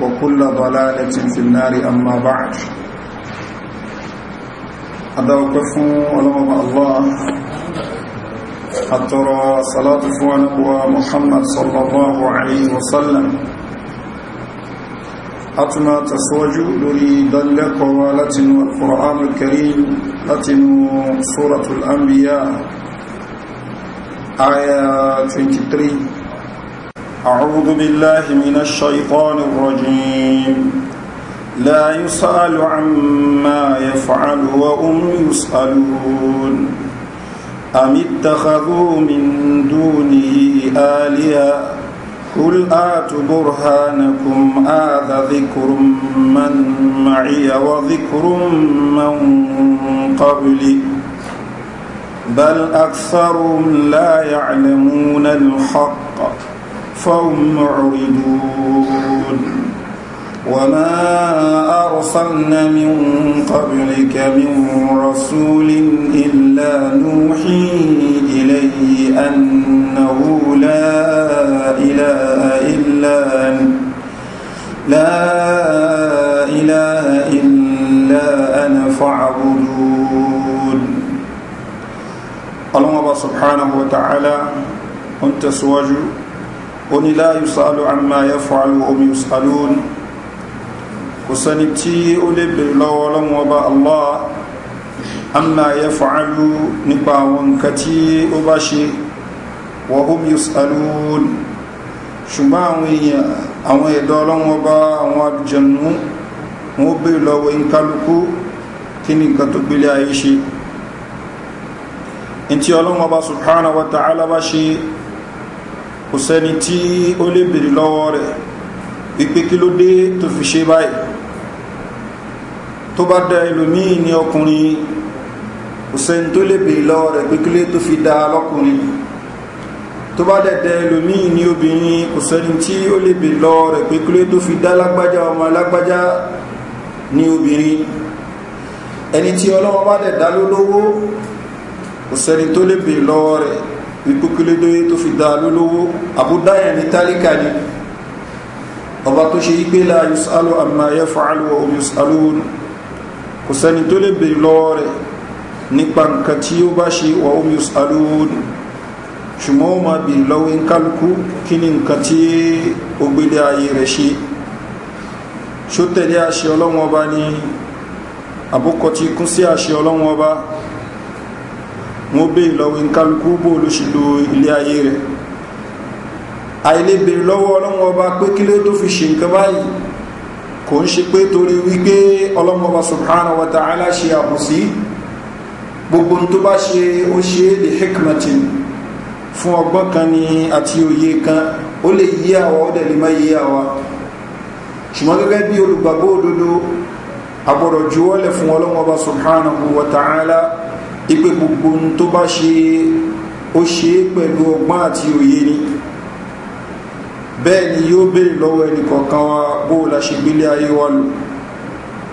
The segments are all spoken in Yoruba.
وكل ضلالة في النار أما بعد هذا أدوكف ولوم الله أترى صلاة فوانبوى محمد صلى الله عليه وسلم أتما تسوج لري دلق ولتن والقرآن الكريم لتن سورة الأنبياء آية 23 أعوذ بالله من الشيطان الرجيم لا يسأل عما يفعل وهم يسألون أم اتخذوا من دونه آلهة قل آتوا برهانكم هذا ذكر من معي وذكر من قبلي بل أكثرهم لا يعلمون الحق فهم معرضون وما أرسلنا من قبلك من رسول إلا نوحي إليه أنه لا إله إلا لا إله إلا أنا فاعبدون الله سبحانه وتعالى أنت سواجه onílá yusalu amma yafalu omi yusalu kò sani tí ó lè bèrè lọ́wọ́ ọlọ́run ọba allah amma yafalu nípa àwọn nǹkan tí ó bá ṣe wà omi yusalu ṣùgbọ́n àwọn èèyàn àwọn ẹ̀dọ́ ọlọ́run ọba àwọn àbìjẹ̀nú wọn bèrè lọ́wọ́ ìkálukú kí ni nǹkan tó gbélé ayé ṣe ntí ọlọ́run ọba subhanahu wa ta'ala bá ṣe kò sẹ́ni tí ó lè bèrè lọ́wọ́ rẹ̀ wípé kí ló dé tó fi ṣe báyìí tó bá da ẹlòmíì ní ọkùnrin kò sẹ́ni tó lè bèrè lọ́wọ́ rẹ̀ pé kí ló tó fi da lọ́kùnrin tó bá dẹ̀ da ẹlòmíì ní obìnrin kò sẹ́ni tí ó lè bèrè lọ́wọ́ rẹ̀ pé kí ló tó fi da lágbájá ọmọ lágbájá ní obìnrin ẹni tí ọlọ́wọ́ bá dẹ̀ da lólówó kò sẹ́ni tó lè bèrè lọ́wọ́ rẹ̀ ìpókúlédóyé tó fi dá lólówó àbúdá yẹn ní tálíkà ni ọba tó ṣe yígbé la yusalu amma ya fa'alu wa yusalun kò sẹ́ni tó lè bèèrè lọ́wọ́ rẹ̀ nípa nǹkan tí ó bá ṣe wa yusalun ṣùgbọ́n ó máa bèèrè lọ́wọ́ ń kálukú kí ni nǹkan tí ó gbélé ayé rẹ̀ ṣe ṣó tẹ̀lé àṣẹ ọlọ́wọ́n ọba ni àbúkọ ti kún sí àṣẹ ọlọ́wọ́n ọba wọ́n béèrè lọ́wọ́ nkálukú bó ló ṣe lo ilé ayé rẹ̀ àìlè béèrè lọ́wọ́ ọlọ́wọ́ ọba pé kí ló tó fi ṣe nǹkan báyìí kò ń ṣe pé torí wípé ọlọ́wọ́ ọba subhanahu wa ta'ala ṣe àbùsí gbogbo tó bá ṣe ó ṣe lè hikmatin fún ọgbọ́n kan ni àti òye kan ó lè yí àwa ó dẹ̀ lè má yí àwa ṣùgbọ́n gẹ́gẹ́ bí olùgbàgbọ́ òdodo agbọ́dọ̀ juwọ́lẹ̀ fún ọlọ́wọ́ ọba subhanahu wa ta'ala ipe gbogbo tó bá ṣe ó ṣe é pẹ̀lú ọgbọ́n àti òye ni bẹ́ẹ̀ ni yóò béèrè lọ́wọ́ ẹnì kọ̀ọ̀kan wa bó o la ṣe gbélé ayé wa lò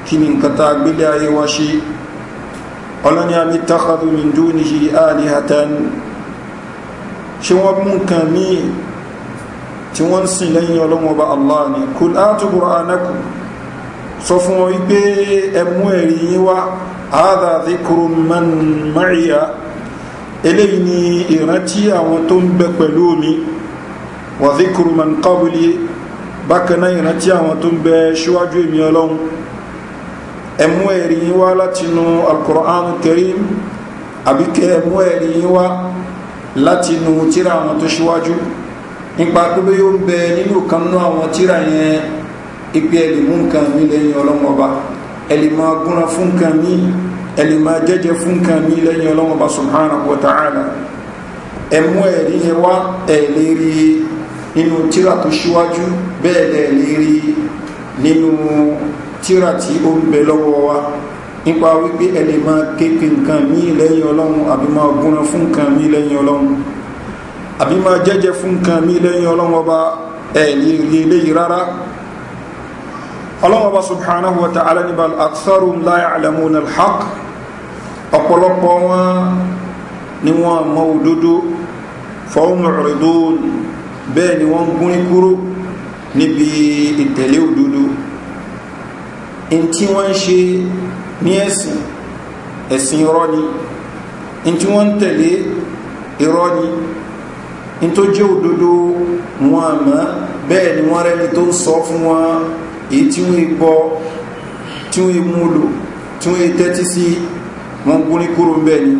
kí ni nǹkan tá gbélé ayé wa ṣe ọlọ́ni àmì takadu ní dúnìí àlè hatan ṣé wọ́n mú nǹkan míì tí wọ́n ń sìn lẹ́yìn ọlọ́wọ́ bá allah ni kùl átùbọ̀ anákù sọ fún wọn wípé ẹmú ẹ̀rí yín wá àádá díkùrù man máríà eléyìí ni ìrántí àwọn tó ń bẹ pẹ̀lú omi wà díkùrù man kábùlì bákaná ìrántí àwọn tó ń bẹ ṣíwájú èmi ọlọ́run ẹmú ẹ̀rí wá látinú alkùrán kẹrin àbíkẹ́ ẹmú ẹ̀rí wá látinú tíra àwọn tó ṣíwájú nípa pípé yóò ń bẹ nínú kan náà àwọn tíra yẹn ipe ẹ̀lẹ́mú nǹkan mi lẹ́yìn ọlọ́mọba ẹlìmọ̀ gúnra fún kan ní ẹlìmọ̀ jẹ́jẹ́ fún kan ní lẹ́yìn ọlọ́wọ́ba subhanahu wa ta'ala ẹmú ẹ̀rí yẹn wá ẹ̀lẹ́ rí nínú tíra tó ṣíwájú bẹ́ẹ̀ lẹ́ẹ̀lẹ́ rí nínú tíra tí ó ń bẹ lọ́wọ́ wa nípa wípé ẹlìmọ̀ kéèké nǹkan ní lẹ́yìn ọlọ́run àbí máa fún kan ní lẹ́yìn ọlọ́run àbí máa fún kan ní lẹ́yìn ọlọ́run ọba ẹ̀lẹ́ eléyìí rárá ọlọ́wọ́ bá subhanahu wa ta'ala ní bal aktharum la ya'lamun al-haq ọ̀pọ̀lọpọ̀ wọn ni wọ́n mọ òdodo fọ́ọ̀mù ọ̀rẹ́dọ́n bẹ́ẹ̀ ni wọ́n gún kúrò níbi ìtẹ̀lé òdodo in tí wọ́n ń ṣe ní ẹ̀sìn ẹ̀sìn irọ́ ni in tí wọ́n ń tẹ̀lé irọ́ ni in tó jẹ́ òdodo wọn àmọ́ bẹ́ẹ̀ ni wọ́n rẹ́ni tó ń sọ fún wọn èyí tí wọ́n gbọ́ tí wọ́n mú lò tí wọ́n tẹ́tí sí wọn gún ní kúrò ń bẹ́ẹ̀ ni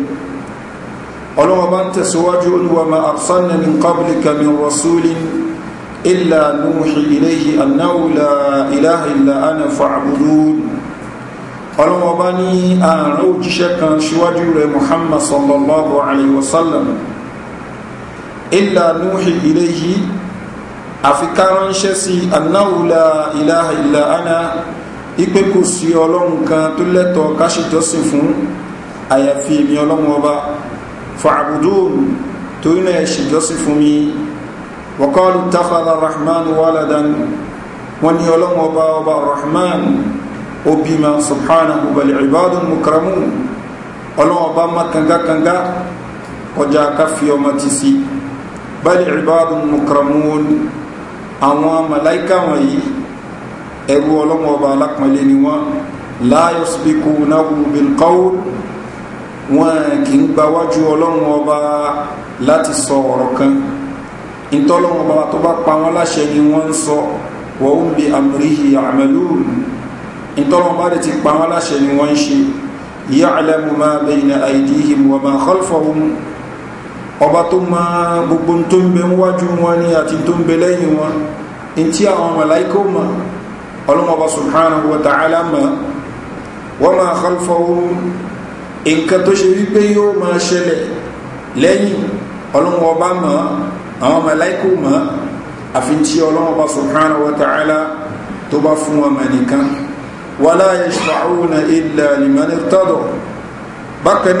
ọlọ́wọ́ bá ń tẹ̀síwájú olúwàmà àbsánà ní kábùlìkà mi rasulin illa nuhi ilayhi annahu la ilaha illa ana fa'budun illa nuhi ilayhi àfi ká ránṣẹ́ sí anáwùlà ìlàhà ìlà ánà ipe kò sí ọlọ́run kan tó lẹ́tọ̀ káṣíjọ́sìn fún àyàfi èmi ọlọ́run ọba fàbùdùn torí náà ṣèjọ́sìn fún mi wọ́kọ́lù tafàdà rahman wàládàn wọ́n ní ọlọ́run ọba ọba rahman obìmọ̀ subhanahu bal ibadun mukramun ọlọ́run ọba má kangakanga kọjá ká fi ọmọ ti sí bal ibadun mukramun àwọn màláìka wọ̀nyí ẹrú ọlọ́wọ́ ọba alápọ̀nlé ni wọ́n láyọ̀ síbíkú náwó bilkọ́wó wọn kì í gbáwájú ọlọ́wọ́ ọba láti sọ ọ̀rọ̀ kan ìtọ́lọ́wọ́ ọba tó bá pa wọn láṣẹ ni wọ́n ń sọ wọ́n ń bi àmúríhì àmẹ́lú ìtọ́lọ́wọ́ ọba ti pa wọn láṣẹ ni wọ́n ń ṣe yíyá àlẹ́ máa bẹ̀yìn àìdíhìm wọ́n máa kọ́lfọ̀hún ọba tó ma gbogbo tó ń bẹ níwájú wọn ni àti tó ń bẹ lẹ́yìn wọn in tí àwọn mọ̀láíkà ma ọlọ́mọba subhanahu wa ta'ala ma wọ́n ma khalfahu nǹkan tó ṣe wípé yóò ma ṣẹlẹ̀ lẹ́yìn ọlọ́mọba ma àwọn mọ̀láíkà ma àfi tí ọlọ́mọba subhanahu wa ta'ala tó bá fún wọn ma nìkan wala yashfa'una illa liman irtada bákan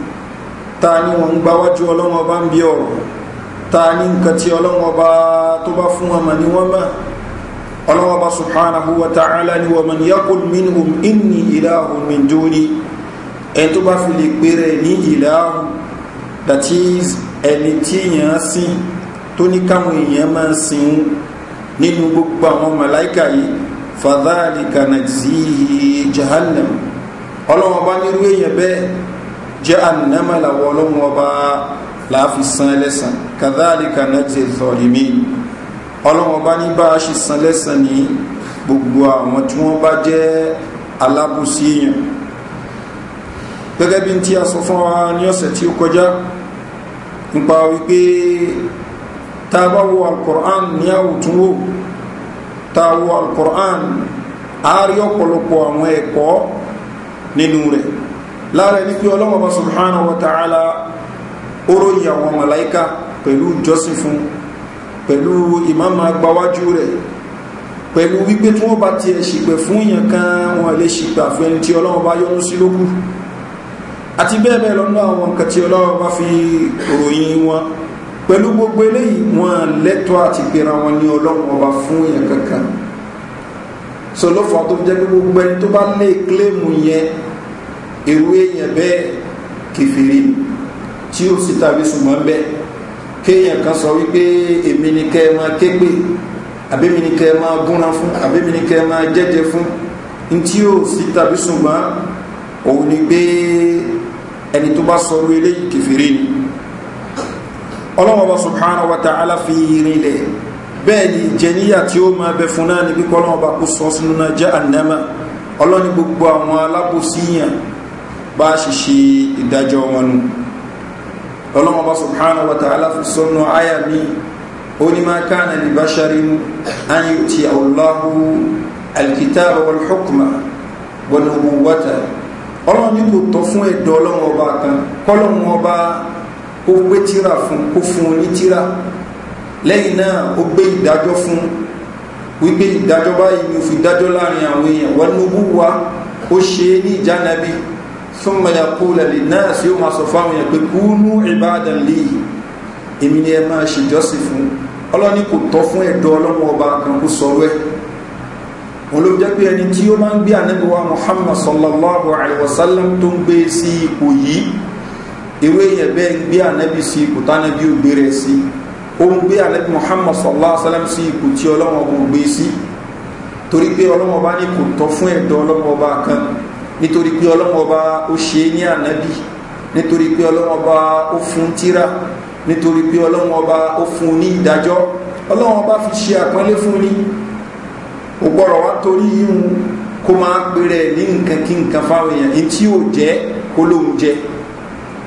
ta ni wọn ń gbáwájú ọlọ́wọ́n bá ń bí ọ̀rọ̀ ta ni nǹkan tí ọlọ́wọ́n bá tó bá fún wọn mà ní wọ́n mà ọlọ́wọ́n bá subhanahu wa ta'ala ni wọ́n mà ní yakul minhum inni ilahu min duni ẹ̀ tó bá fi lè pèrè ní ilahu that is ẹni tí èèyàn sìn tó ní káwọn èèyàn máa sìn nínú gbogbo àwọn màláìkà yìí fadhalika najzihi jahannam ọlọ́wọ́n nírú èèyàn bẹ́ẹ̀ jẹ́ ànàmà la ọlọ́run ọba láàfi san ẹlẹ́sàn kàdáàlìkà náà ti zọ̀rìmí ọlọ́run ọba ní bá a ṣe san lẹ́sàn ní gbogbo àwọn tí wọ́n bá jẹ́ alábùsí èèyàn gẹ́gẹ́ bí tí a sọ fún wa ní ọ̀sẹ̀ tí ó kọjá nípa wípé tá wo alukur'an ní àwùtúnwò tá a wo alukur'an a rí àwọn ẹ̀kọ́ nínú rẹ̀ lára ní pé ọlọ́wọ́n bá subhanahu wa ta'ala ó ròyìn àwọn màláìka pẹ̀lú ìjọsìn fún pẹ̀lú ìmáàmà gbáwájú rẹ̀ pẹ̀lú wípé tí wọ́n bá tiẹ̀ ṣìpẹ̀ fún èèyàn kan wọn lè ṣìpẹ̀ àfún ẹni tí ọlọ́wọ́n bá yọ́nú sí lókù àti bẹ́ẹ̀ bẹ́ẹ̀ tó jẹ́ gbogbo ẹni tó bá lé kílèmù yẹn irú èèyàn bẹ́ẹ̀ kẹfìrí tí ó sì tàbí sùnmọ́ bẹ́ẹ̀ kéèyàn kan sọ wípé èmi ni kẹ́ ẹ máa kégbè àbẹ́mi ni kẹ́ ẹ máa gúnra fún àbẹ́mi ni kẹ́ ẹ máa jẹ́jẹ́ fún ní tí ó sì tàbí sùnmọ́ òun ni pé ẹni tó bá sọ orí eléyìí kẹfìrí ni ọlọ́wọ́ bá subhanahu wa ta'ala fi rin ilẹ̀ bẹ́ẹ̀ ni jẹníyà tí ó máa bẹ fún náà ni pípọ́ ọlọ́wọ́ bá kó sọ sínú náà jẹ́ ànámà ọlọ́ni gbogbo àwọn alábòsíyàn bá ṣiṣe ìdájọ́ wọn nù ọlọ́mọba subhanahu wa ta'ala fi sọ́nà àyà mi ó ní máa káàna lè bá ṣarí mu an yóò ti àwòláhu alkitaba wal hukma wọn ò wọ́ta ọlọ́run ní kò tọ́ fún ẹ̀dọ́ ọlọ́run kan kọ́lọ́run ọba gbé tíra fún kó fún un ní tíra lẹ́yìn náà ó gbé ìdájọ́ fún wípé ìdájọ́ báyìí ni ó fi dájọ́ láàrin àwọn èèyàn wọn ní ó ó ṣe é ní ìjánabi thumma yaqulu linnas yóò máa sọ fáwọn yẹn pé kúnú ibadan li èmi ni ẹ máa ṣèjọ́sìn fún ọlọ́ni kò tọ́ fún ẹ̀dọ́ ọlọ́mọ ọba kan kó sọ wẹ́ wọn ló jẹ́ pé ẹni tí ó máa ń gbé ànábì wa Muhammad sallallahu alayhi wa sallam tó ń gbé sí ipò yìí ewé yẹn bẹ́ẹ̀ ń gbé ànábì sí ipò tánábì ò gbé rẹ̀ sí ó ń gbé ànábì Muhammad sallallahu alayhi wa sallam sí ipò tí ọlọ́mọ ọba ò gbé sí torí pé ọlọ́mọ ọba ní kò tọ́ fún ẹ̀dọ́ ọlọ́mọ ọba kan nítorí pé ọlọ́wọ́n ọba ó ṣe é ní ànábì nítorí pé ọlọ́wọ́n ọba ó fún tíra nítorí pé ọlọ́wọ́n ọba ó fún ní ìdájọ́ ọlọ́wọ́n ọba fi ṣe àpọ́nlé fún ní ó gbọ́rọ̀ wá torí yíhun kó máa pèrè ní nǹkan kí nǹkan fáwọn èèyàn ní tí yóò jẹ́ kó lóun jẹ́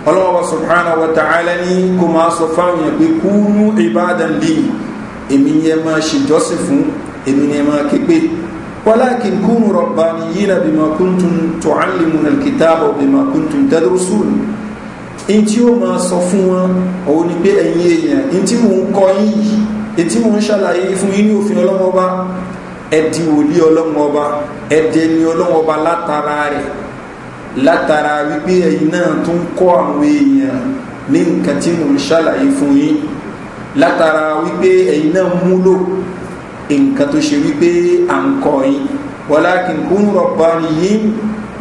ọlọ́wọ́n ọba subhanahu wa ta'ala ní kó máa sọ fáwọn èèyàn pé kúnú ìbàdàn lè èmi ni ẹ máa ṣèjọ́sìn fún èmi ni ẹ máa ké walakin kunu rabbaniyina bima kuntum tuallimuna alkitaba bima kuntum tadrusun in tí ó máa sọ fún wọn òun ni pé ẹ̀yin èèyàn in tí mò ń kọ́ yín yìí in tí mò ń ṣàlàyé fún yín ní òfin ọlọ́mọba ẹ̀dì wòlíì ọlọ́mọba ẹ̀dẹni ọlọ́mọba látara rẹ̀ látara wípé ẹ̀yin náà tó ń kọ́ àwọn èèyàn ní nǹkan tí mò ń ṣàlàyé fún yín látara wípé ẹ̀yin náà múlò nǹkan tó ṣe wípé à ń kọ́ yín walakin kunu rabbaniyin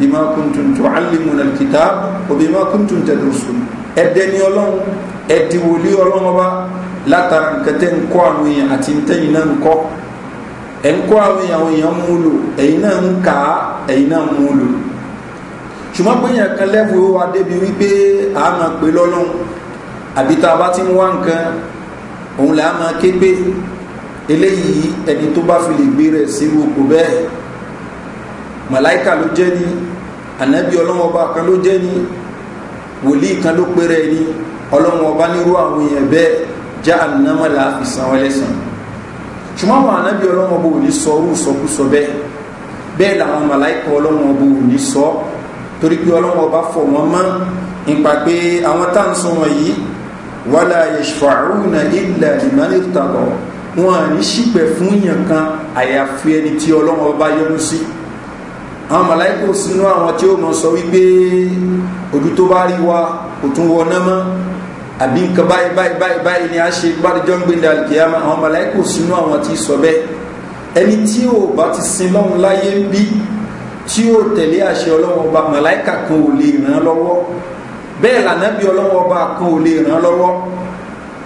bima kuntum tuallimuna alkitab wa bima kuntum tadrusun ẹ̀dẹ́ni ọlọ́run ẹ̀dì wòlí ọlọ́run ọba látara nǹkan tẹ́ ń kọ́ àwọn èèyàn àti ntẹ́yìn náà ń kọ́ ẹ̀ ń kọ́ àwọn èèyàn àwọn èèyàn mú lò ẹ̀yìn náà ń kà á ẹ̀yìn náà mú lò ṣùgbọ́n pé èèyàn kan lẹ́bù ó débi wípé a máa pè lọ́lọ́run àbí tá a bá ti ń wá nǹkan òun là á máa ké pé eléyìí ẹni tó bá fi lè gbé rẹ̀ sí gbogbo bẹ́ẹ̀ màláìka ló jẹ́ ní ànábì ọlọ́wọ́n ọba kan ló jẹ́ ní wòlíì kan ló péré ní ọlọ́wọ́n ọba nírú àwọn èèyàn bẹ́ẹ̀ já ànámọ́ là fi san ọ́ lẹ́sàn ṣùgbọ́n àwọn ànábì ọlọ́wọ́n ò ní sọ orú sọkúsọ bẹ́ẹ̀ bẹ́ẹ̀ làwọn màláìka ọlọ́wọ́n ò ní sọ torí pé ọlọ́wọ́n ọba fọ̀ wọ́n nípa pé àwọn táǹsán wọ̀nyí wàlá yẹ̀ṣfàrúnà ìlà ìmọ̀lẹ́tàbọ̀ wọn à ní ṣìpẹ̀ fún yàn kan àyàfi ẹni tí ọlọ́run ọba yọ́nú sí àwọn màláìkò sínú àwọn tí ó mọ̀ sọ wípé ojú tó bá rí wa kò tún wọ náà mọ́ àbí nǹkan báyìí báyìí báyìí báyìí ni a ṣe gbádùjọ́ ń gbé ní alìkèyàmá àwọn màláìkò sínú àwọn tí sọ bẹ́ẹ̀ ẹni tí ò bá ti sin lọ́run láyé ń bí tí ó tẹ̀lé àṣẹ ọlọ́wọ́n ọba màláìkà kan ò lè ràn án lọ́wọ́ bẹ́ẹ̀ lànà bí ọlọ́wọ́n ọba kan ò lè ràn án lọ́wọ́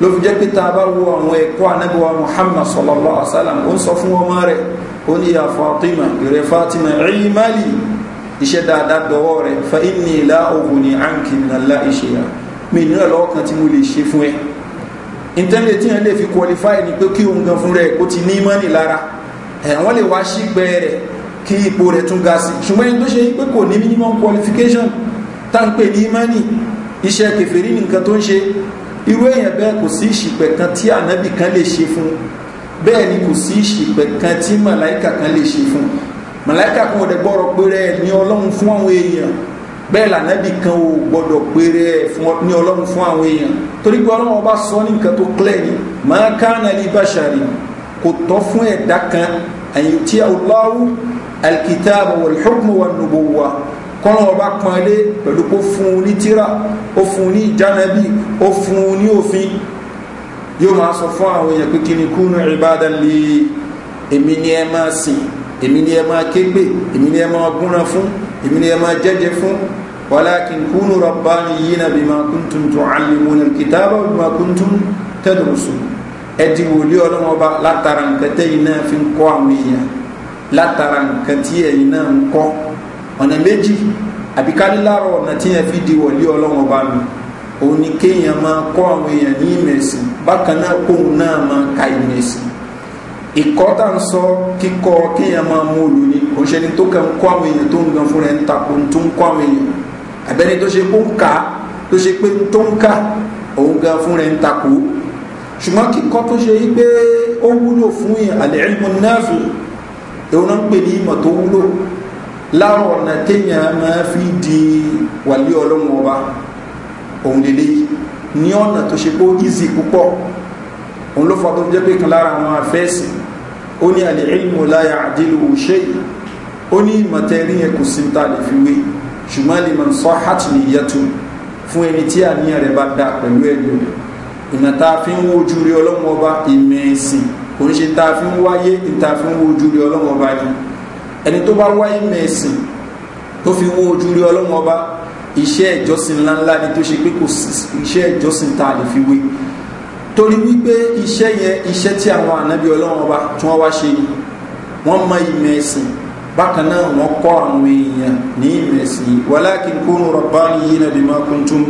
ló fi jẹ́ pé tá a bá wo àwọn ẹ̀kọ́ anábíwá muhammad sallallahu alaihi wa sallam ó ń sọ fún ọmọ rẹ̀ ó ní ya fatima ìrẹ́ fatima ẹ̀yìn máàlì iṣẹ́ dáadáa dọ̀wọ́ rẹ̀ fa inni la ogun ni anki nala ìṣẹ̀yà mi nira lọ́wọ́ kan tí mo lè ṣe fún ẹ ìtẹ́lẹ̀ tí yẹn lè fi qualify ni pé kí òun gan fún rẹ̀ kó ti ní mọ́nì lára ẹ̀ wọ́n lè wá sí gbẹ rẹ̀ kí ipò rẹ̀ tún ga sí ṣùgbọ́n ẹni tó ṣe pé kò ní minimum qualification tá ń pè ní mọ́nì iṣẹ́ kẹfẹ́rí nìkan tó ń ṣe irú èèyàn bẹ́ẹ̀ kò sí ìṣìpẹ̀ kan tí ànábì kan lè ṣe fún bẹ́ẹ̀ ni kò sí ìṣìpẹ̀ kan tí màláìkà kan lè ṣe fún màláìkà kan ò dẹ̀ gbọ́rọ̀ péré ẹ̀ ní ọlọ́run fún àwọn èèyàn bẹ́ẹ̀ lànábì kan ò gbọ́dọ̀ péré ẹ̀ ní ọlọ́run fún àwọn èèyàn torí pé ọlọ́run ọba sọ ní nǹkan tó clear ni máa kánà ní bàṣàrì kò tọ́ fún ẹ̀dá kan àyè kọ́nà ọba pọ́nlé pẹ̀lú kó fún un ní tíra ó fún un ní ìjánabi ó fún un ní òfin yóò máa sọ fún àwọn èèyàn pé kí ni kúnú ìbádà lè èmi ni ẹ máa sìn èmi ni ẹ máa kégbè èmi ni ẹ máa gúnra fún èmi ni ẹ máa jẹ́jẹ́ fún walakin kúnú rabbani yìí na bí máa kúntùn tó alimu ní kìtàbà bí máa kúntùn tẹ́dùrùsù ẹ ti wòlé ọlọ́wọ́ bá látara nǹkan tẹ́yìn náà fi ń kọ́ àwọn èèyàn látara nǹkan tí ẹ̀yìn náà ń kọ́ ọ̀nà méjì àbí kálílárọ̀ ọ̀nà tí yẹn fi di wọ̀lé ọlọ́run ọba mi òun ni kéèyàn máa kọ́ àwọn èèyàn ní ìmẹ̀sìn bákan náà kóun náà máa ka ìmẹ̀sìn ìkọ́ tá ń sọ kíkọ́ kéèyàn máa mú olù ni kò ṣe ni tó kàn kọ́ àwọn èèyàn tó ń gan fúnra ẹ̀ ń ta òun tó ń kọ́ àwọn èèyàn àbẹ́ni tó ṣe kó ń kà tó ṣe pé tó ń kà òun gan fúnra ẹ̀ ń ta kú ṣùgbọ́n kíkọ́ tó ṣe pé ó wúlò fún àlẹ́ ìmọ̀ náà fi èèyàn pè ní ìmọ̀ tó wúlò lára ọ̀nà téèyàn máa fi di wàlí ọlọ́run ọba òun lè léyìí ní ọ̀nà tó ṣe pé ó easy púpọ̀ òun ló fọ́ tó jẹ́ pé kan lára àwọn afẹ́ẹ̀sì ó ní àlè ìlmù láyà àdìlù òṣè ó ní ìmọ̀tẹ́rí yẹn kò sí ta lè fi wé ṣùgbọ́n lè máa sọ hàt ní ìyẹ́tù fún ẹni tí àníyàn rẹ̀ bá dá pẹ̀lú ẹ̀lú ìmọ̀ta fi ń wojú rí ọlọ́run ọba ìmẹ̀ẹ̀sìn kò ń ṣe ta fi ń wáyé ìta fi ń wojú rí ọlọ́run ọba ẹni tó bá wáyé mẹ́sìn tó fi wó ojú rí ọlọ́run ọba iṣẹ́ ìjọsìn ńláńlá ni tó ṣe pé kò sí iṣẹ́ ìjọsìn tá a lè fi wé torí wípé iṣẹ́ yẹn iṣẹ́ tí àwọn ànábì ọlọ́run ọba tí wọ́n wá ṣe ni wọ́n mọ ìmọ̀ ẹ̀sìn bákan náà wọ́n kọ́ àwọn èèyàn ní ìmọ̀ ẹ̀sìn wàlákin kunu rabbaniyina bima kuntum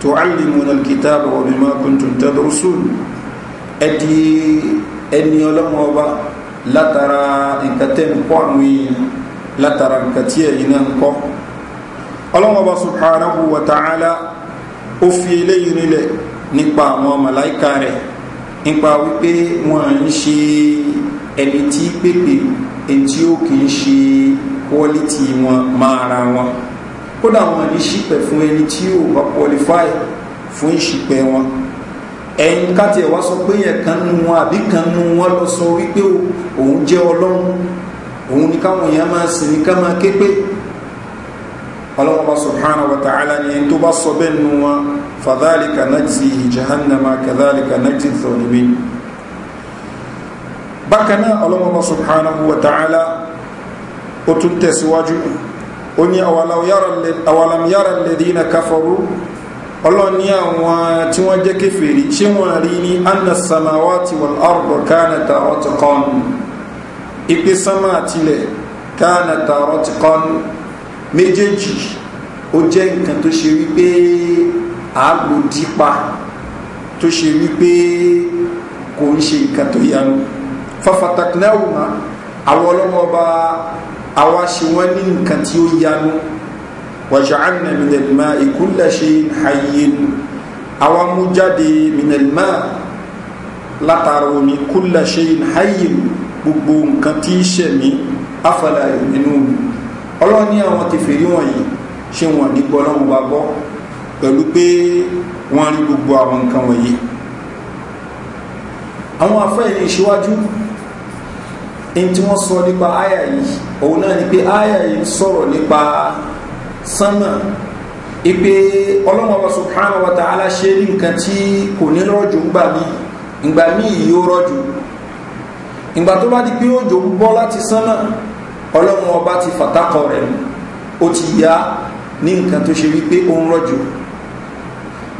tuallimuna alkitaba wa bima kuntum tadrusun ẹ̀dí ẹni ọlọ́run ọba látara nǹkan tẹ́ ń kọ́ àwọn èèyàn látara nǹkan tí ẹ̀yin náà ń kọ́ ọlọ́wọ́ba subhanahu wa ta'ala o fi eléyìí rinlẹ̀ nípa àwọn màláìka rẹ̀ nípa wípé wọ́n ń ṣe ẹni tí pépè èyí tí ó kì í ṣe quality wọn máa ra wọn kódà wọn ní ṣìpẹ̀ fún ẹni tí ò bá qualify fún ìṣìpẹ̀ wọn ẹ̀yin káti ẹ̀ wá sọ pé yẹn kan nu wọn àbí kan nu wọn lọ sọ wípé òun jẹ́ ọlọ́run òun ni káwọn èèyàn máa sìn ní ká máa ké pé ọlọ́mọba subhanahu wa ta'ala ni ẹni tó bá sọ bẹ́ẹ̀ nu wọn fadhalika najzi jahannama kadhalika najzi zalimin bákan náà ọlọ́mọba subhanahu wa ta'ala ó tún tẹ̀síwájú ó ní awalam yara alladhina kafaru ọlọ́run ní àwọn tí wọ́n jẹ́ kèfèrí ṣé wọ́n rí ní anna samawati wal ardo kana taratqan ipe sánmà àtilẹ̀ kana taratqan méjèèjì ó jẹ́ nǹkan tó ṣe wípé àgbòdípa tó ṣe wípé kò ń ṣe nǹkan tó yanu fafataknahuma àwọn ọlọ́mọba àwa ṣe wọ́n ní nǹkan tí ó yanu wàjàánà mìnàlmá ìkúlẹ̀ṣe hayin àwọn amújáde mìnàlmá látara omi kúlẹ̀ṣe hayin gbogbo nǹkan tí í ṣẹ̀mí afẹ́lá nínú ọlọ́run ní àwọn kẹfìrí wọ̀nyí ṣé wọn ní gbọ́ lọ́wọ́ bá gbọ́ pẹ̀lú pé wọ́n rí gbogbo àwọn nǹkan wọ̀nyí àwọn afẹ́ ilé ìṣíwájú ní tí wọ́n sọ nípa áyà yìí òun náà ni pé áyà yìí sọ̀rọ̀ nípa sánmà ìpè ọlọ́wọ́n wa subhanahu wa ta'ala ṣe ní nǹkan tí kò ní rọ̀jò ńgbà míì ìgbà míì yóò rọ̀jò ìgbà tó bá di pé òjò ń bọ́ láti sánmà ọlọ́wọ́n ọba ti fàtàkọ rẹ̀ mu ó ti yá ní nǹkan tó ṣe wípé ó ń rọ̀jò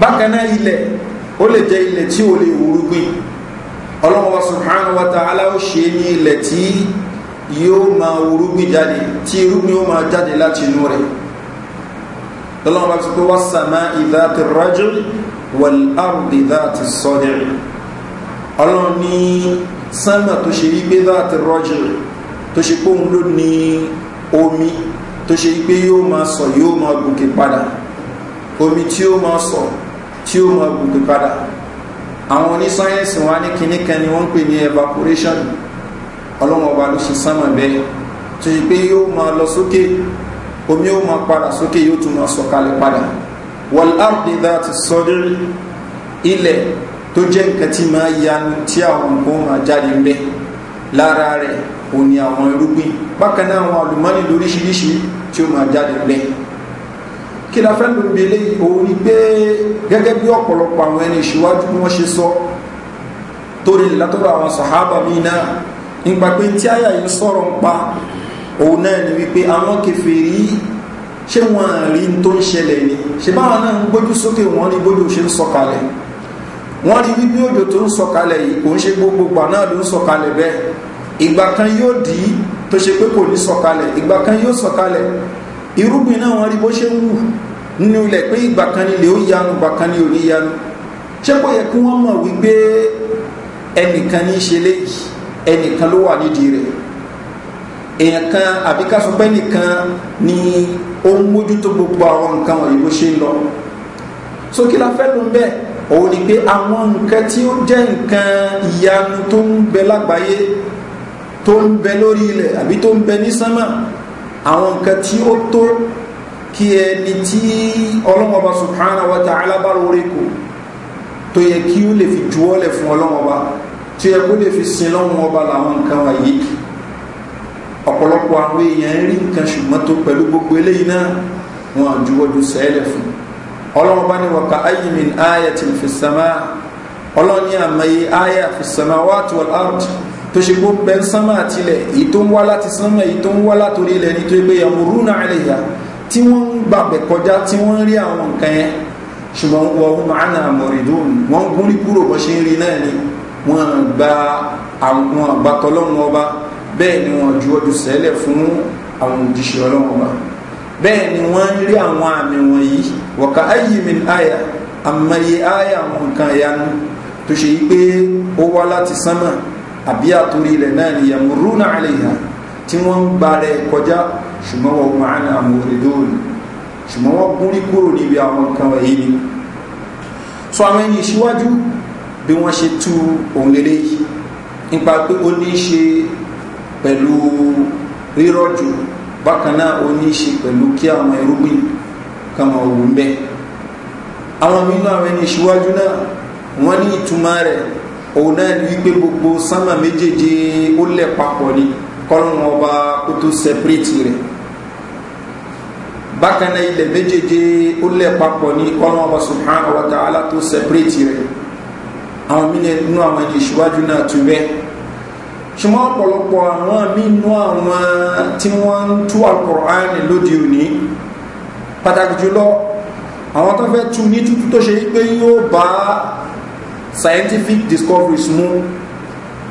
bákan náà ilẹ̀ ó lè jẹ́ ilẹ̀ tí ò lè wúrúgbìn ọlọ́wọ́n wa subhanahu wa ta'ala ó ṣe ní ilẹ̀ tí yóò máa wúrúgbìn jáde tí irúgbìn ó máa jáde láti inú rẹ̀ lọ́lọ́wọ́n bá ti pé wọ́n sàmá ìdá ti rájú wọ́n àrùn ìdá ti sọ́dẹ̀ ọlọ́run ní sánmà tó ṣe wípé ìdá ti rájú tó ṣe pé òun ló ní omi tó ṣe wípé yóò máa sọ yóò máa gòkè padà omi tí ó máa sọ tí ó máa gòkè padà àwọn onísáyẹ́nsì wa ní kinní ni wọ́n pè ní evaporation ọlọ́run ọba ló ṣe sánmà bẹ́ẹ̀ tó ṣe pé yóò máa lọ sókè omi ó máa padà sókè yóò tún máa sọ̀kalẹ̀ padà wàlárùdì dáàtì sọdírí ilẹ̀ tó jẹ́ nǹkan tí máa yanu tí àwọn nǹkan máa jáde ń bẹ́ lára rẹ̀ ò ní àwọn irúgbìn bákan náà àwọn àlùmọ́nì lóríṣiríṣi tí ó máa jáde ń bẹ́ kí la fẹ́ lóun délé òun ni pé gẹ́gẹ́ bí ọ̀pọ̀lọpọ̀ àwọn ẹni ìṣíwájú bí wọ́n ṣe sọ torí látọ̀rọ̀ àwọn sàhábà míì náà nígbà pé tí àyà yìí sọ̀rọ̀ ń pa òun náà ni wípé àwọn kẹfìrí ṣé wọn rí tó ń ṣẹlẹ̀ ni ṣe báwọn náà ń gbójú sókè wọn ní bójú ṣe ń sọ̀kalẹ̀ wọ́n rí wípé òjò tó ń sọ̀kalẹ̀ yìí kò ń ṣe gbogbo gbà náà ló ń sọ̀kalẹ̀ bẹ́ẹ̀ ìgbà kan yóò dì í tó ṣe pé kò ní ìgbà kan yóò irúgbìn náà rí bó ṣe ń wù nínú ilẹ̀ pé ìgbà kan ni lè ó yanu ìgbà kan ni ò ní yanu ṣé kò yẹ kí wọ́n mọ̀ wípé ẹnìkan ní èèyàn kan àbí ká sọ pé nìkan ni ó ń mójútó gbogbo àwọn nǹkan wọ̀nyí bó ṣe ń lọ sókè la fẹ́ ló ń bẹ́ẹ̀ òun ni pé àwọn nǹkan tí ó jẹ́ nǹkan ìyanu tó ń bẹ lágbàáyé tó ń bẹ lórí ilẹ̀ àbí tó ń bẹ ní sánmà àwọn nǹkan tí ó tó kí ẹni tí ọlọ́mọba subhanahu wa ta'ala bá lórí kò tó yẹ kí ó lè fi juwọ́lẹ̀ fún ọlọ́mọba tó yẹ kó lè fi sin lọ́wọ́ làwọn nǹkan wọ̀nyí ọ̀pọ̀lọpọ̀ àwọn èèyàn rí nǹkan ṣùgbọ́n tó pẹ̀lú gbogbo eléyìí náà wọn àjúwọ́jú sẹ́ẹ̀lẹ̀ fún ọlọ́run bá ní wọ̀ká ayími ayé ti fi sàmá ọlọ́run ní àmàyé ayé fi sàmá wà tó art tó ṣe kó bẹ́ sánmà àtilẹ̀ èyí tó ń wá láti sánmà èyí tó ń wá látòrí ilẹ̀ ní tó gbé yàmù rúnà àlẹ́yà tí wọ́n ń gbàgbẹ́ kọjá tí wọ́n ń rí àwọn nǹkan yẹn ṣùgbọ́n wọ́n ń máa nà wọ́n ń gúnrí kúrò bọ́ ṣe ń rí náà ni wọ́n gba àwọn àgbàtọ́lọ́run ọba bẹ́ẹ̀ ni wọ́n ju ọdún sẹ́lẹ̀ fún àwọn òjíṣẹ́ ọlọ́run ọba bẹ́ẹ̀ ni wọ́n ń rí àwọn àmì wọ̀nyí wọ̀ká ayé mi àyà àmọye àyà àwọn nǹkan ìyanu tó ṣe yí pé ó wá láti sánmà àbí àtòrí ilẹ̀ náà ni yàmùrú náà lè yàn tí wọ́n ń gba rẹ̀ kọjá ṣùgbọ́n wọ́n máa ń àmúre dóòlù ṣùgbọ́n wọ́n gúnrí kúrò níbi àwọn nǹkan wọ̀nyí ni so àwọn ẹni ìṣíwájú bí wọ́n ṣe tú òun lélẹ́yìí nípa pé ó ní í ṣe pẹ̀lú rírọ̀jù bákan náà ó ní í ṣe pẹ̀lú kí àwọn irúgbìn kan òun bẹ́ẹ̀ àwọn mínú àwọn ẹni ìṣíwájú náà wọ́n ní ìtumọ̀ rẹ̀ òun náà ní wípé gbogbo sánmà méjèèje ó lẹ̀ papọ̀ ni kọ́lọ́n ọba kó tó sẹpẹ́rẹ́tì rẹ̀ bákan ilẹ̀ méjèèje ó lẹ̀ papọ̀ ni kọ́lọ́n ọba subhanahu wa ta'ala tó sẹpẹ́rẹ́tì rẹ̀ àwọn mínú àwọn ẹni ìṣíwájú náà ṣùgbọ́n ọ̀pọ̀lọpọ̀ àwọn mínú àwọn tí wọ́n ń tú alkùránì lóde òní pàtàkì jùlọ àwọn tó fẹ́ tú ní tútù tó ṣe wípé yóò bá scientific discoveries mu,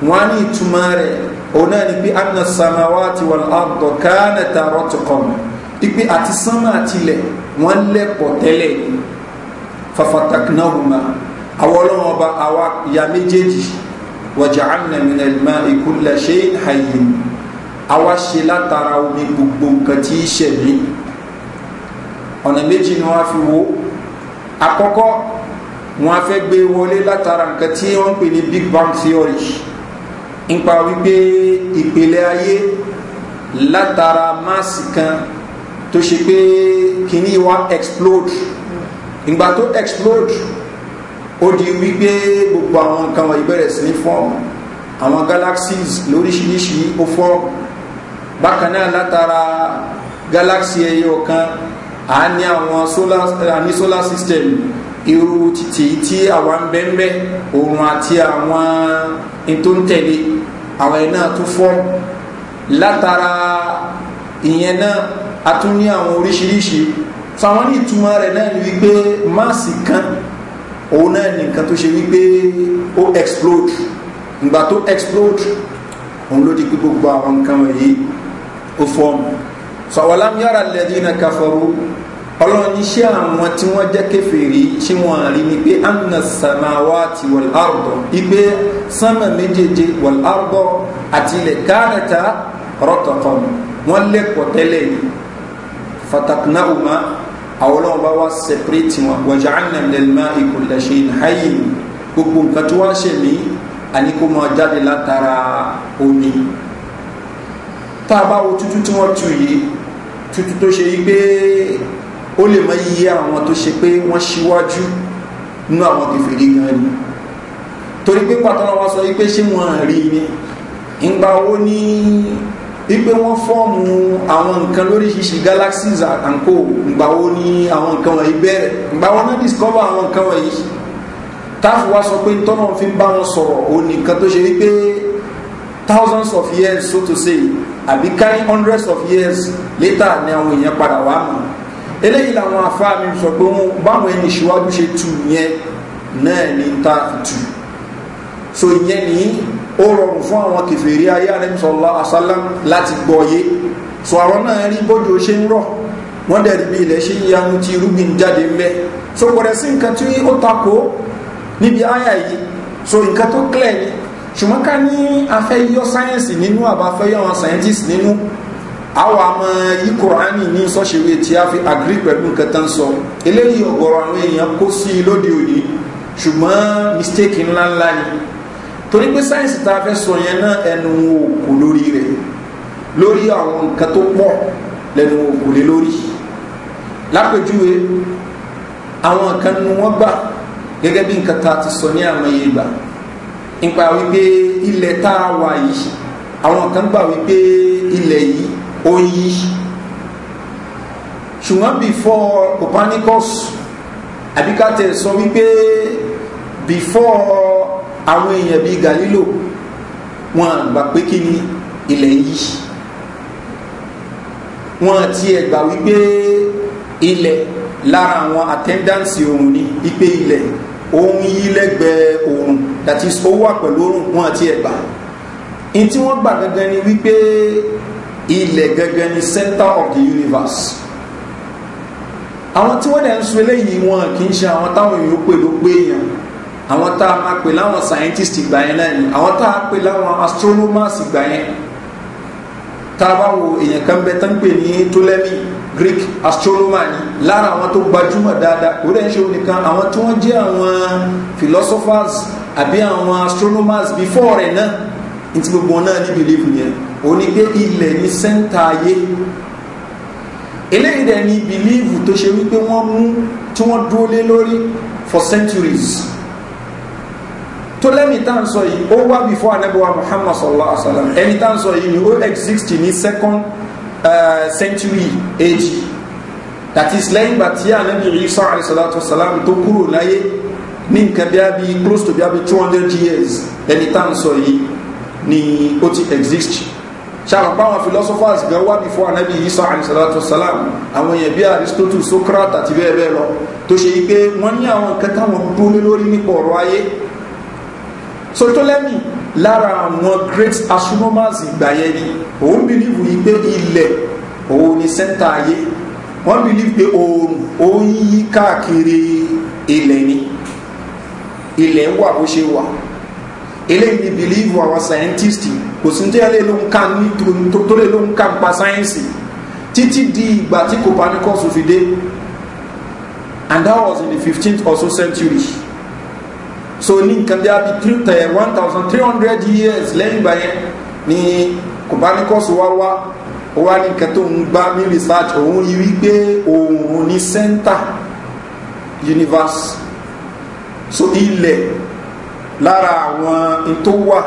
wọ́n á ní ìtumọ̀ rẹ̀ òun náà ni pé anna samawati wal ardo kana taratqan ipe àti sánmà àtilẹ̀ wọ́n lẹ́pọ̀ tẹ́lẹ̀ fafataknahuma àwọn ọlọ́wọ́n ọba àwa ìyá méjèèjì wàjàánà mìnàlímà ìkúlẹ̀ ṣe é hayè àwa ṣe látara omi gbogbo nǹkan tí í ṣẹ̀lẹ̀ ọ̀nà méjì ni wọ́n fi wo àkọ́kọ́ wọn fẹ́ gbé wọlé látara nǹkan tí wọ́n ń pè big bang theory nípa wípé ìpìlẹ̀ ayé látara máàsì kan tó ṣe pé kìíní wa explode ìgbà tó explode ó di wípé gbogbo àwọn nǹkan wọ̀nyí bẹ̀rẹ̀ sí ní fọ́ọ̀mù àwọn galaxies lóríṣiríṣi ó fọ́ bákan náà látara galaxy ẹyọ kan à ní àwọn solar, uh, solar system irú títí tí àwa ń bẹ́ńbẹ́ òun àti àwọn tó ń tẹ̀lé àwọn ẹ̀ náà tún fọ́ látara ìyẹn náà a tún ní àwọn oríṣiríṣi so ní ìtumọ̀ rẹ̀ náà ni wípé máàsì kan òun náà ní nǹkan tó ṣe wípé ó explode ìgbà tó explode òun ló di pé gbogbo àwọn nǹkan wọ̀nyí ó fọ́ọ̀mù sọ̀wọ́lámi yàrá lẹ́dí iná káfọ́rú ọlọ́run ní ṣé àwọn tí wọ́n jẹ́ kẹfìrí ṣé wọ́n rí ni pé anna samawati wal ardo ipe sánmà méjèèjì wal ardo àti ilẹ̀ káàdàtà rọ̀tọ̀tọ̀ wọn lẹ́kọ̀ọ́ tẹ́lẹ̀ ni fatakunahuma àwọn ba bá wá sẹpẹrẹtì wọn wọjà ànàmìlẹlẹmà ìkùnlẹṣẹ ìhàyè gbogbo nǹkan tó wá ń ṣe mí àní kó máa jáde látara omi tá a wo tútú tí wọ́n tu yìí tútú tó ṣe yí pé ó lè mọ iye àwọn tó ṣe pé wọ́n ṣíwájú nínú àwọn kẹfìrí gan ni torí pé pàtàkì wọn sọ yí pé ṣé wọn rí ni ń gba owó ní ipe wọn fọ́ọ̀mù àwọn nǹkan lóríṣiríṣi galaxies and co ìgbàwo ni àwọn nǹkan wọ̀nyí bẹ̀rẹ̀ ìgbàwo náà discover àwọn nǹkan wọ̀nyí táàfù wa sọ pé tọ́nà fi bá wọn sọ̀rọ̀ òun nìkan tó ṣe wípé thousands of years so to say àbí kárí hundreds of years later ni àwọn èèyàn padà wá mọ̀ eléyìí làwọn afáà mi sọ pé wọn báwọn ẹni ìṣíwájú ṣe tù yẹn náà ni tá a fi tù so ìyẹn nìyí ó rọrùn fún àwọn kẹfẹ́rí ayé àrẹ́mísọ̀lá asálám láti gbọ́ yé so àwọn náà rí bójú ṣe ń rọ̀ wọ́n dẹ̀rí bí ilẹ̀ ṣe ń yanu ti irúgbìn jáde mẹ́ so kò rẹ̀ sí nǹkan tí ó takò níbi àyà yìí so nǹkan tó clear ni ṣùgbọ́n ká ní afẹ́yọ́ sáyẹ́nsì nínú àbáfẹ́yọ́ àwọn scientist nínú àwọn àmọ́ yí kùránì ní sọ́ṣèwé tí a fi agree pẹ̀lú nǹkan tán sọ eléyìí ọ̀gọ̀rọ̀ àwọn èèyàn kó sí i lóde òní ṣùgbọ́n mistake ńláńlá ni torí pé sáyẹ̀nsì tá a fẹ́ sọ yẹn náà ẹnu òkú lórí rẹ̀ lórí àwọn nǹkan tó pọ̀ lẹ́nu òkú lé lórí lápèjúwe àwọn nǹkan nu wọ́n gbà gẹ́gẹ́ bí nǹkan tá a ti sọ ní àmọ́ iye gbà nípa wípé ilẹ̀ tá a wà yìí àwọn kan gbà wípé ilẹ̀ yìí ó ń yí ṣùgbọ́n before copernicus àbíkátẹ̀ sọ wípé before àwọn èèyàn bíi galilo wọn gbà pé kí ni ilẹ̀ yìí wọn tiẹ̀ gbà wípé ilẹ̀ lára àwọn àtẹ́ndáǹsì òun ni ipe ilẹ̀ òun yí lẹ́gbẹ̀ẹ́ òun that is ó wà pẹ̀lú òun wọn tiẹ̀ gbà in tí wọ́n gbà gangan ni wípé ilẹ̀ gangan ni center of the universe àwọn tí wọ́n dẹ̀ ń sọ eléyìí wọn kì í ṣe àwọn táwọn èèyàn pè ló pé èèyàn àwọn tá a máa pè láwọn scientist ìgbà yẹn náà ni àwọn tá a pè láwọn astronomers ìgbà yẹn tá a bá wo èèyàn kan bẹ tán pè ní Ptolemy Greek astronomer ni lára àwọn tó gbajúmọ̀ dáadáa kò dẹ̀ ń ṣe onìkan àwọn tí wọ́n jẹ́ àwọn philosophers àbí àwọn astronomers before rẹ̀ náà ní ti gbogbo náà ní believe. yẹn òun ni pé ilẹ̀ ní sẹ́ńtà ayé eléyìí dẹ̀ ni belief tó ṣe wípé wọ́n mú tí wọ́n dúró lé lórí for centuries tó let me ń sọ yìí ó wá before anabiwa muhammad sallallahu alaihi wa sallam ẹni tá ń sọ yìí ni ó exist ní second uh, century A.D. that is lẹ́yìn but here, anabi isa alayhi salatu wa salam tó kúrò láyé ní nǹkan abi close to bí abi 200 years ẹni tá ń you. yìí ni ó ti exist ṣàlùpá àwọn philosophers gan wá before anabi isa alayhi salatu wa salam àwọn èèyàn bíi aristotle socrates àti bẹ́ẹ̀ bẹ́ẹ̀ To tó ṣe yí pé wọ́n ní àwọn nǹkan táwọn dúró lórí nípa ọ̀rọ̀ Sọ̀rọ̀tọ́lẹ́mì lára àwọn great astronomers ìgbà yẹn ni òun bìlíìfù yìí pé ilẹ̀ òun ni sẹ́ńtà ayé wọ́n bìlíìfù pé oòrùn òun yí káàkiri ilẹ̀ ni ilẹ̀ wà bó ṣe wà eléyìí ni bìlíìfù àwọn scientist kò sí tó yẹlé ló ń ka ní tó lè ló ń ka nípa sáyẹ́nsì títí di ìgbà tí Copernicus fi dé and that was in the fifteenth or so century so ní nǹkan bí abi three tẹ eh, one thousand three hundred years lẹ́yìn ìgbà yẹn ni copernicus wá wá ó wá ní nǹkan tó ń gbá ní research òun rí wípé òun ní center universe so ilẹ̀ lára àwọn tó wà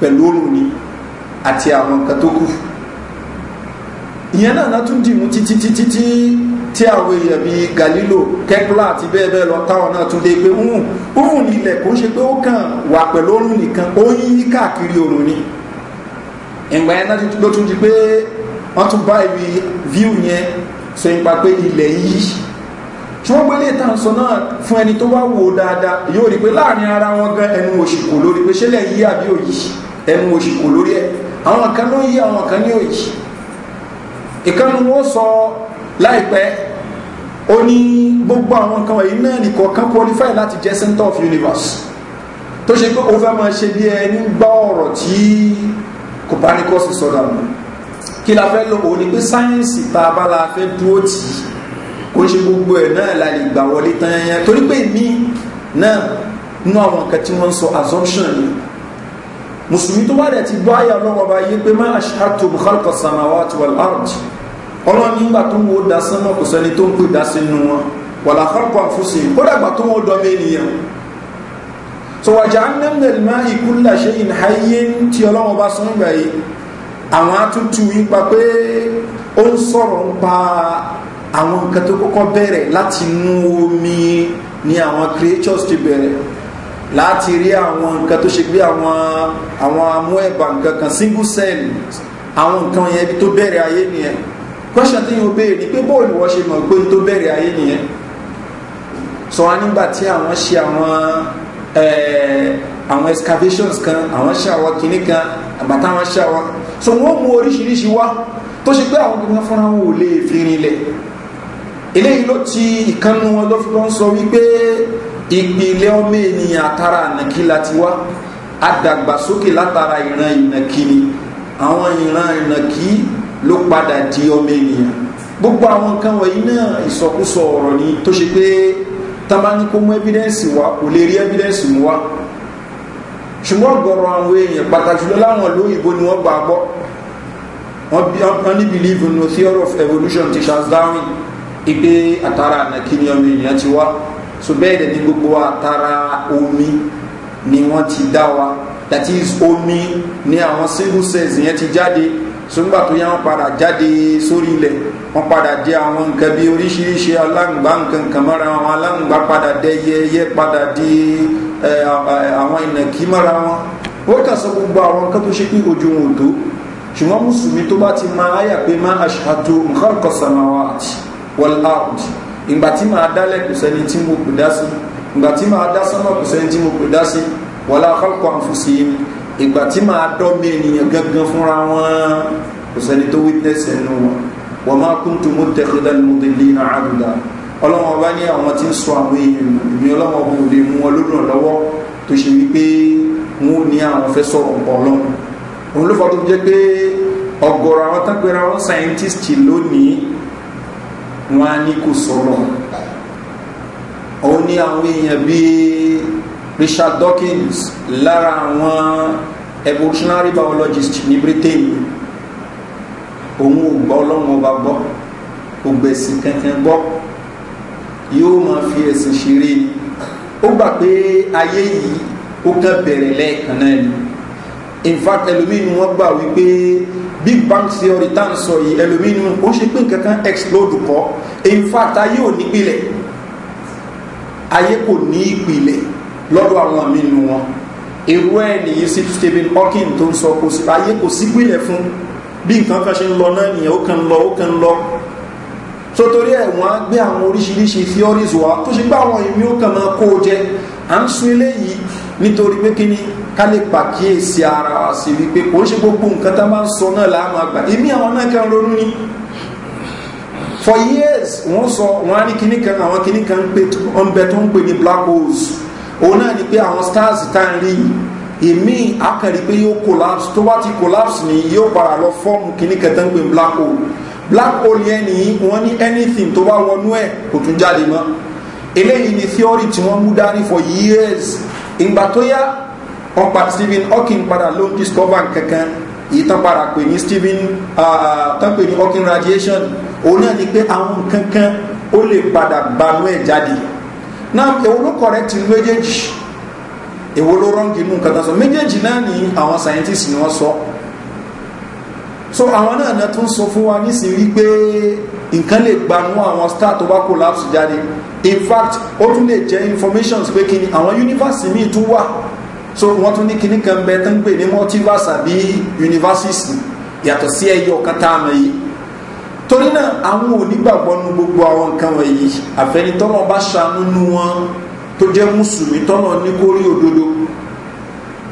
pẹ̀lú òrùn ni àti àwọn nǹkan tó kù ìyẹn náà náà tún dìmú títí títí tí àwọn èèyàn bíi galileo kepler àti bẹ́ẹ̀ bẹ́ẹ̀ lọ táwọn náà tún dé pé hùn hùn ní ilẹ̀ kó ṣe pé ó kàn wà pẹ̀lú òrùn nìkan ó ń yí káàkiri òrùn ni ìgbà yẹn náà ló tún di pé wọ́n tún bá ibi view yẹn sọ ipa pé ilẹ̀ yìí ṣùgbọ́n pé lè tàn sọ náà fún ẹni tó bá wò dáadáa yóò rí pé láàrin ara wọn gan ẹnu òṣìkò lórí pé ṣẹlẹ̀ yí àbí òyì ẹnu òṣìkò lórí ẹ àwọn kan ló yí àwọn kan ní òyì ìkànnì wọn sọ láìpẹ́ ó ní gbogbo àwọn nǹkan wọ̀nyí náà nìkọ̀ọ̀kan qualify láti jẹ́ center of universe tó ṣe pé o fẹ́ máa ṣe bí ẹni gbọ́ ọ̀rọ̀ tí Copernicus sọ̀dà mọ́ kí la fẹ́ lò ó ní pé sáyẹ́nsì tá a la fẹ́ dúró tì í kò ṣe gbogbo ẹ̀ náà la lè gbà wọlé tán yẹn torí pé mí náà nú àwọn nǹkan tí wọ́n ń sọ assumption ni mùsùlùmí tó bá dẹ̀ ti gbọ́ àyà ọlọ́wọ́ bá yé pé má aṣáàtò bukharika samawati wal ardi ọlọ́run nígbà tó ń wo da sánmọ̀ kò sẹ́ni tó ń pè dá sí wọn wàlà kọ́kọ́ àfúnṣe kódà gbà tó ń wo dọ́mọ ènìyàn so wàjà anamdẹ̀lmá ìkúlà ṣe ìnáyé tí ọlọ́run bá sọ nígbà yìí àwọn atútù ipa pé ó ń sọ̀rọ̀ ń pa àwọn nǹkan tó kọ́kọ́ bẹ̀rẹ̀ láti inú omi ni àwọn creatures ti bẹ̀rẹ̀ láti rí àwọn nǹkan tó ṣe gbé àwọn àwọn amú ẹ̀bà nǹkan kan single cell àwọn nǹkan yẹn tó bẹ̀rẹ̀ ayé nìyẹn question tí yóò béèrè pé bóò ni wọ́n ṣe mọ̀ pé tó bẹ̀rẹ̀ ayé nìyẹn sọ wá nígbà tí àwọn ṣe àwọn àwọn excavations kan àwọn ṣe àwọn kinní kan àbàtà wọn ṣe àwọn so wọ́n mú oríṣiríṣi wá tó ṣe pé àwọn gbogbo fúnra wọn ò lè fi rinlẹ̀ eléyìí ló ti ìkànnì wọn ló fi lọ́n sọ wípé ìpìlẹ̀ ọmọ ènìyàn àtàrà ànàkí láti wá àdàgbàsókè látara ìran ìnàkí ni àwọn ìran ìnàkí ló padà di ọmọ ènìyàn gbogbo àwọn nǹkan wọ̀nyí náà ìsọkúsọ ọ̀rọ̀ ni tó ṣe pé tamani kó mú evidence wá kò lè rí evidence mú wá ṣùgbọ́n gọ̀rọ̀ àwọn èèyàn pàtàkì jùlọ láwọn lóyìnbó ni wọ́n gbà gbọ́ wọ́n ní believe in the theory of evolution ti Charles Darwin ipe àtàrà ànàkíní ọmọ ènìyàn ti wá so bẹ́ẹ̀ dẹ̀ ní gbogbo àtàrà omi ni wọ́n ti dá wa that is omi ni àwọn single cells yẹn ti jáde sùgbà tó yá wọn padà jáde sórí ilẹ̀ wọn padà jẹ àwọn nǹkan bíi oríṣiríṣi aláǹgbá nǹkan kan mọ́ra wọn aláǹgbá padà dẹ yẹyẹ padà di àwọn ìnàkí mọ́ra wọn wọ́n kà sọ gbogbo àwọn nǹkan tó ṣe pé ojú wọn ò tó ṣùgbọ́n mùsùlùmí tó bá ti máa áyà pé má aṣáájú nǹkan kan sàmáwá àti wọláàdì ìgbà tí máa dálẹ̀ kò sẹ́ni tí mo pè dá sí ìgbà tí máa dá sọ́nà kò sẹ́ni tí mo pè dá sí wọlá kọ́kọ́ àǹfọ̀sí yìí ìgbà tí màá dọ́mi ènìyàn gangan fúnra wọn kò sẹ́ni tó witness ẹnu wọn wọ́n máa kún tó mú tẹ̀kọ́dá ní mọ́tẹ́lì náà àdúrà ọlọ́wọ́n bá ní àwọn tí ń sọ àwọn èèyàn ìmí ọlọ́wọ́n bò lè mú wọn lódùn lọ́wọ́ tó ṣe wípé wọn ò ní àwọn fẹ́ sọ̀rọ̀ ọ̀pọ̀ ọlọ́run òun ló fọ́ jẹ́ pé ọ̀gọ̀rọ̀ àwọn tápẹ́ra wọn scientist lónìí wọn á ní kò sọ̀rọ̀ òun ní àwọn èèyàn bíi Richard Dawkins lára àwọn evolutionary biologist ní Britain òun ò gbọ́ ọlọ́run ọba gbọ́ kò gbẹ̀sìn kankan gbọ́ yóò máa fi ẹ̀sìn ṣeré ni ó gbà pé ayé yìí ó kàn bẹ̀rẹ̀ lẹ́ẹ̀kan náà ni in fact ẹlòmínú wọn gbà wípé big bang theory tá à ń sọ yìí ẹlòmínú ó ṣe pé nǹkan kan explode kọ́ in fact ayé ò nípìlẹ̀ ayé kò ní ìpìlẹ̀ lọ́dọ̀ àwọn àmì inú wọn èrú ẹ̀ nìyí sí stephen hawking tó ń sọ kò sí ayé kò sí pìlẹ̀ fún bí nǹkan kan ṣe ń lọ náà nìyẹn ó kàn ń lọ ó kàn ń lọ so torí ẹ̀ wọ́n á gbé àwọn oríṣiríṣi theories wá tó ṣe pé àwọn èmi ó kàn máa kó o jẹ à ń sún eléyìí nítorí pé kí ni ká lè pàkíyèsí ara wa sí wípé kò ń ṣe gbogbo nǹkan tá a máa ń sọ náà láàmú àgbà èmi àwọn náà kan ronú ni for years wọ́n sọ wọ́n á ní kíní kan àwọn kíní kan ń bẹ tó ń pè ní black holes òun náà ni pé àwọn stars tá ń rí èmi akẹ́rì pé yóò collapse tó bá ti collapse ni yóò padà lọ fọ́ọ̀mù kíní kẹta ń pè black hole black hole yẹn ni wọ́n ní anything tó bá wọnú ẹ̀ kò tún jáde mọ́ eléyìí ni theory tí wọ́n mú dání for years ìgbà tó yá ọ̀pá Stephen Hawking padà ló ń discover kankan ìtàn padà pè ní Stephen tán pè ní Hawking radiation òun náà ni pé àwọn kankan ó lè padà gbanú ẹ̀ jáde náà èwo ló correct ní méjèèjì èwo ló wrong inú nǹkan tán méjèèjì náà ni àwọn scientist ni wọ́n sọ so àwọn náà náà tún sọ fún wa nísìnyí wípé nǹkan lè gbanú àwọn star tó bá collapse jáde in fact ó tún lè jẹ́ information pé kí ni àwọn universe míì tún wà so wọ́n tún ní kíní kan bẹ tó ń pè ní multiverse àbí universities yàtọ̀ sí ẹyọ kan tá a mọ̀ yìí torí náà àwọn onígbàgbọ́ nu gbogbo àwọn nǹkan wọ̀nyí àfẹnitọ́nà bá ṣàánú nu wọn tó jẹ́ mùsùlùmí tọ́nà ní kó rí òdodo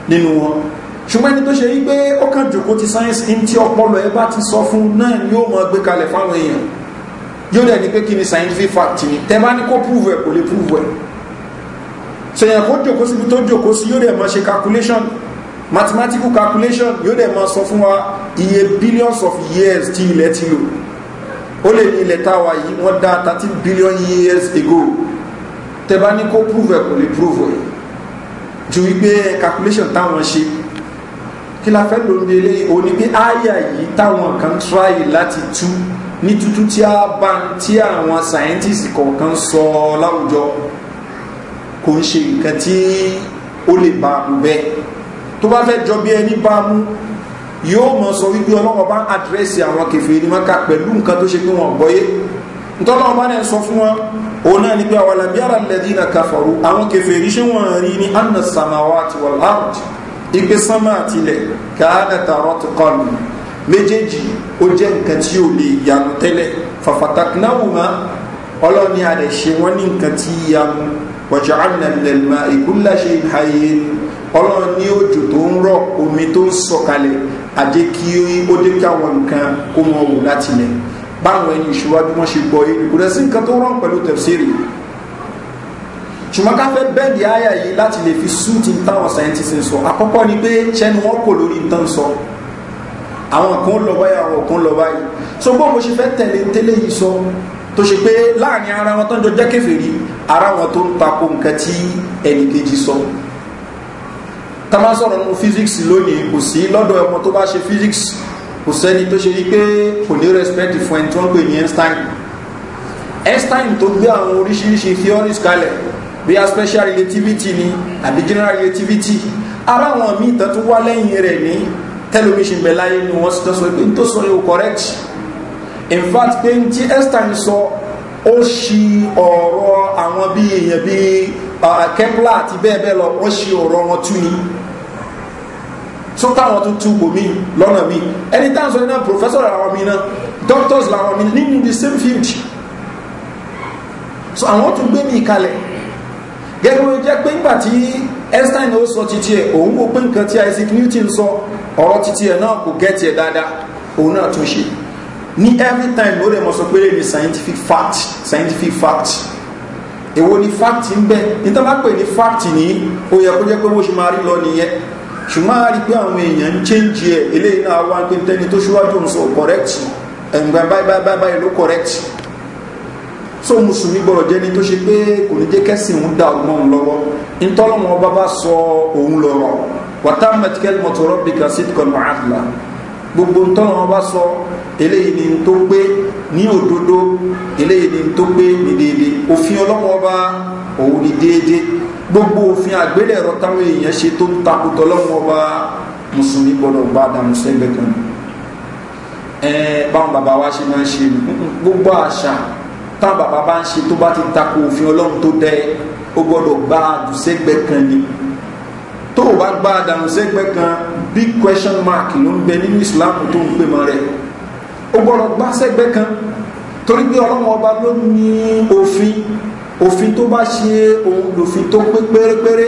nínú wọn ṣùgbọ́n ẹni tó ṣe yí pé ó kàn jòkó ti sáyẹ́nsì ní tí ọpọlọ ẹ bá ti sọ fún náà ni ó mọ gbé kalẹ̀ fáwọn èèyàn yóò dẹ̀ ní pé kí ni scientific fact ni tẹ́ bá ní kó prove ẹ̀ kò lè prove ẹ̀ sèyàn kó jòkó síbi tó jòkó sí yóò dẹ̀ mọ ṣe calculation mathematical calculation yóò dẹ̀ mọ sọ fún wa iye billions of years tí ilẹ̀ ti lò ó lè ní ilẹ̀ táwa yìí wọ́n dá thirteen billion years ago tẹ́bá ní kó prove ẹ̀ kò lè prove ẹ̀ ju wípé calculation táwọn ṣe kí la fẹ́ lóun délé òní pé àyà yìí táwọn kan try láti tú ní tútú tí a bá tí àwọn scientist kọ̀ọ̀kan sọ láwùjọ kò ń ṣe nǹkan tí ó lè bá a mú bẹ́ẹ̀ tó bá fẹ́ jọ bí ẹni bá a mú yóò mọ̀ sọ wípé ọlọ́wọ́ bá àdírẹ́sì àwọn kẹfẹ́ ní maka pẹ̀lú nǹkan tó ṣe pé wọ́n gbọ́yé ntọ́lọ́wọ́ bá náà sọ fún wọn òun náà ní pé àwọn alábíàrá lẹ́dí na kàfàrú àwọn kẹfẹ́ rí ṣé wọ́n rí ní anna samawa àti wọ́n láàrùtì ipe sánmà àtìlẹ̀ káàdà tààrọ́ ti kọlù méjèèjì ó jẹ́ nǹkan tí ò lè yanu tẹ́lẹ̀ fàfàtàkìnáwùmá ọlọ́ni àdẹ̀ ṣe wọ́n ní nǹkan tí yanu wàjà àmì lẹ́lẹ́mà ìkúláṣe òjò tó ń rọ̀ omi tó ń sọ̀kalẹ̀ àjẹ́ kí ó dé kí àwọn nǹkan kó mọ wò láti lẹ̀ báwọn ẹni ìṣíwájú wọn ṣe gbọ́ yìí kò dẹ́sí nǹkan tó rán pẹ̀lú tẹ̀síìrì ṣùgbọ́n ká fẹ́ bẹ́ẹ̀dì àyà yìí láti lè fi súùtì táwọn scientist sọ àkọ́kọ́ ni pé ṣẹ́ni wọ́n kò lórí nǹkan sọ àwọn kan lọ báyìí àwọn kan lọ báyìí so bó mo ṣe fẹ́ tẹ̀lé tẹ́lẹ̀ yìí sọ tó ṣe pé láàrin ara wọn tó ń jọ jẹ́ kẹfìrí ara wọn tó ń takò nǹkan tí ẹnì kejì sọ tá má sọ̀rọ̀ nínú physics lónìí kò sí lọ́dọ̀ ọmọ tó bá ṣe physics kò sẹ́ni tó ṣe wípé kò ní respect fún ẹni tí wọ́n pè ní Einstein Einstein tó gbé àwọn oríṣiríṣi theories kalẹ̀ bí special relativity ni àbí general relativity ara àwọn míì tán tó wá lẹ́yìn rẹ̀ ní tẹlifíṣìn bẹ̀ láyé ni wọ́n tó sọ pé tó sọ yóò correct in fact pé tí Einstein sọ ó ṣì ọ̀rọ̀ àwọn bí èèyàn bíi Uh, kẹ́pùlà àti bẹ́ẹ̀ bẹ́ẹ̀ lọ wọ́n ṣe ọ̀rọ̀ wọn tú ni tó táwọn tó tú bòmí lọ́nà mi ẹni táwọn sọ náà professor làwọn mi náà doctors làwọn mi nínú the same field so àwọn tún gbé mi kalẹ̀ gẹ́gẹ́ bí ó jẹ́ pé ńgbà tí einstein ó sọ títí ẹ̀ òun kò pé nǹkan tí isaac newton sọ ọ̀rọ̀ títí ẹ̀ náà kò gẹ́ẹ̀tì ẹ̀ dáadáa òun náà tún ṣe ní every time ló rẹ̀ mọ̀ sọ pé lè ní scientific fact scientific fact èwo ni fáàtì ń bẹ nítorí wọn pè ní fáàtì ní ó yẹ kó jẹ́ pé bó ṣe máa rí lọ nìyẹn ṣùgbọ́n a rí pé àwọn èèyàn ń chéńjì ẹ̀ eléyìí náà wá pé tẹ́ni tó ṣíwájú ń sọ kọ̀rẹ́kì ẹ̀ǹgbà báyìí ló kọ̀rẹ́kì so mùsùlùmí gbọ́dọ̀ jẹ́ni tó ṣe pé kò ní jẹ́ kẹ́sìn ń da ọgbọ́n lọ́wọ́ ntọ́lọ́mọ ọba bá sọ òun lọ́rọ̀ wàtá mẹtikẹ́lì mọ̀tòrọ́ bìkà sítkọ̀ mọ́ àdìlà eléyìí ni tó gbé ní òdodo eléyìí ni tó gbé ní déédéé òfin ọlọ́wọ́ òun ni déédéé gbogbo òfin àgbélẹ̀rọ táwọn èèyàn ṣe tó ń takùtọ̀ ọlọ́wọ́ bá mùsùlùmí gbọ́dọ̀ gbá dànù sẹ́gbẹ̀ẹ́ kan ẹ̀ẹ́n báwọn bàbá wa ṣe máa ń ṣe gbogbo àṣà táwọn bàbá bá ń ṣe tó bá ti takò òfin ọlọ́run tó dẹ́ ó gbọ́dọ̀ gbá àdùsẹ́gbẹ̀ẹ́ kan ni tó o bá gbá àdànù sẹ́gbẹ̀ẹ́ kan big question mark ló ń bẹ nínú ìsìláàmù tó ń pè mọ́ rẹ̀ ó gbọ́dọ̀ gbá sẹ́gbẹ́ kan torí pé ọlọ́run ọba ló ní òfin òfin tó bá ṣe òun lòfin tó pé pérépéré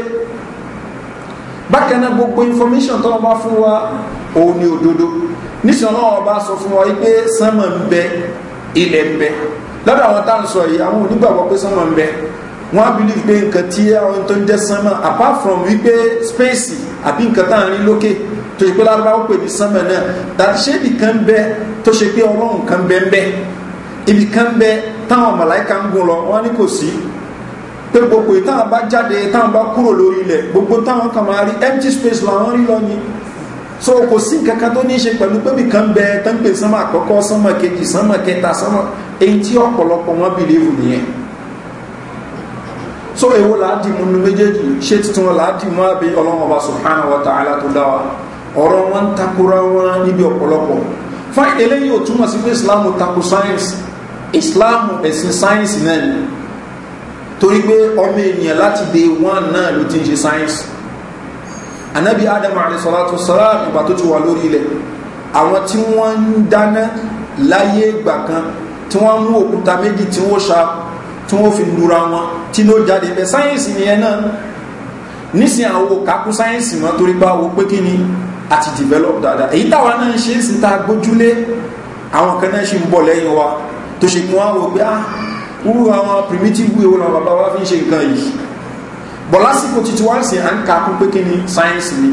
bákan náà gbogbo information tó wọn bá fún wa òun ni òdodo níṣẹ́ ọlọ́run ọba sọ fún wa pé sánmọ̀ ń bẹ ilẹ̀ ń bẹ lọ́dọ̀ àwọn tá à ń sọ yìí àwọn onígbàgbọ́ pé sánmọ̀ ń bẹ wọ́n á believe pé nǹkan tí àwọn tó ń jẹ́ sánmọ̀ apart from wípé space àbí nǹkan tá à ń rí lókè tó yẹ pé lárúbáwá pè ní sánmà náà dàbí ṣé ibì kan bẹ tó ṣe pé ọlọ́run kan bẹ ń bẹ ibì kan bẹ táwọn màláìka ń gùn lọ wọn ní kò sí pé gbogbo yìí táwọn bá jáde táwọn bá kúrò lórí ilẹ̀ gbogbo táwọn kan máa empty space làwọn rí lọ ni so kò sí nǹkan kan tó ní í ṣe pẹ̀lú pé ibìkan bẹ tó ń pè sánmà àkọ́kọ́ sánmà kejì sánmà kẹta sánmà èyí tí ọ̀pọ̀lọpọ̀ wọn bìlíìfù nìyẹn so èwo làá dì mú nu méjèèjì ṣé tuntun làá dì mú àbí ọlọ́run ọba subhanahu wa ta'ala tó dá wa ọ̀rọ̀ wọn ń takora wọn níbi ọ̀pọ̀lọpọ̀ fún eléyìí ò túmọ̀ sí pé islam tako science islam ẹ̀sìn science náà ni torí pé ọmọ ènìyàn láti dé one náà ló ti ń ṣe science anabi adam alayhisalatu salam ìgbà tó ti wà lórí ilẹ̀ àwọn tí wọ́n ń dáná láyé ìgbà kan tí wọ́n mú òkúta méjì tí wọ́n ṣa tí wọ́n fi lura wọn tí ló jáde bẹ́ẹ̀ sáyẹ́nsì nìyẹn náà nísìnyí àwọn òkàkú mọ́ torí pé àwọn pé kí ni àti develop dada èyí táwa náà ṣe ń sin ta gbójúlé àwọn kan náà ṣe ń bọ̀ lẹ́yìn wa tó ṣe mú àwọn òpé wúrú ah, àwọn primitive way wọn bàbá wa fi ń ṣe nǹkan yìí bọ̀ lásìkò títí wá sí à ń ka kún pé kí ni science ni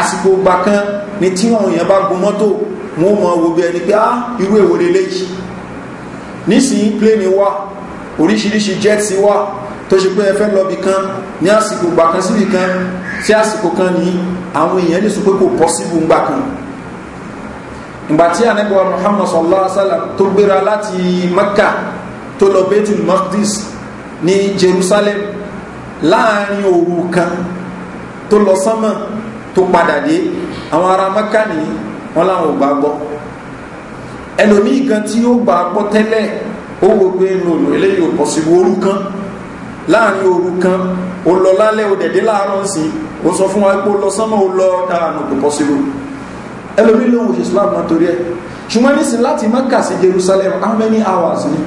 àsìkò gbà kan ni tí àwọn èèyàn bá gun mọ́tò wọn ò mọ wo bí ẹni pé ah irú èwo lélẹ́yìí nísìnyí pléènì wà oríṣiríṣi jẹ́ẹ̀tì wà tó ṣe pé ẹ fẹ́ lọ bì kan ní àsìkò gbà kan síbì kan sí àsìkò kan nìyí àwọn èèyàn ní sọ pé kò pọ́síbù ńgbà kan ìgbà tí anabiwa muhammad sallallahu alaihi wa sallam tó gbéra láti mecca tó lọ betul maqdis ní jerusalem láàrin òru kan tó lọ sánmà tó padà dé àwọn ará mecca ní wọn làwọn ò gbà gbọ́ ẹlòmíì kan tí ó gbà gbọ́ tẹ́lẹ̀ ó wò pé nùnú eléyìí ò pọ́síbù òru kan láàrin òru kan ó lọ lálẹ́ ó dẹ̀dẹ́ láàárọ̀ sí ó sọ fún wa pé ó lọ sánmọ́ ó lọ dáhàánù kò pọ̀ sílò ẹlòmí lóhun ṣe islam náà torí ẹ̀ ṣùgbọ́n nísìn láti mẹ́kà sí jerusalem how many hours ni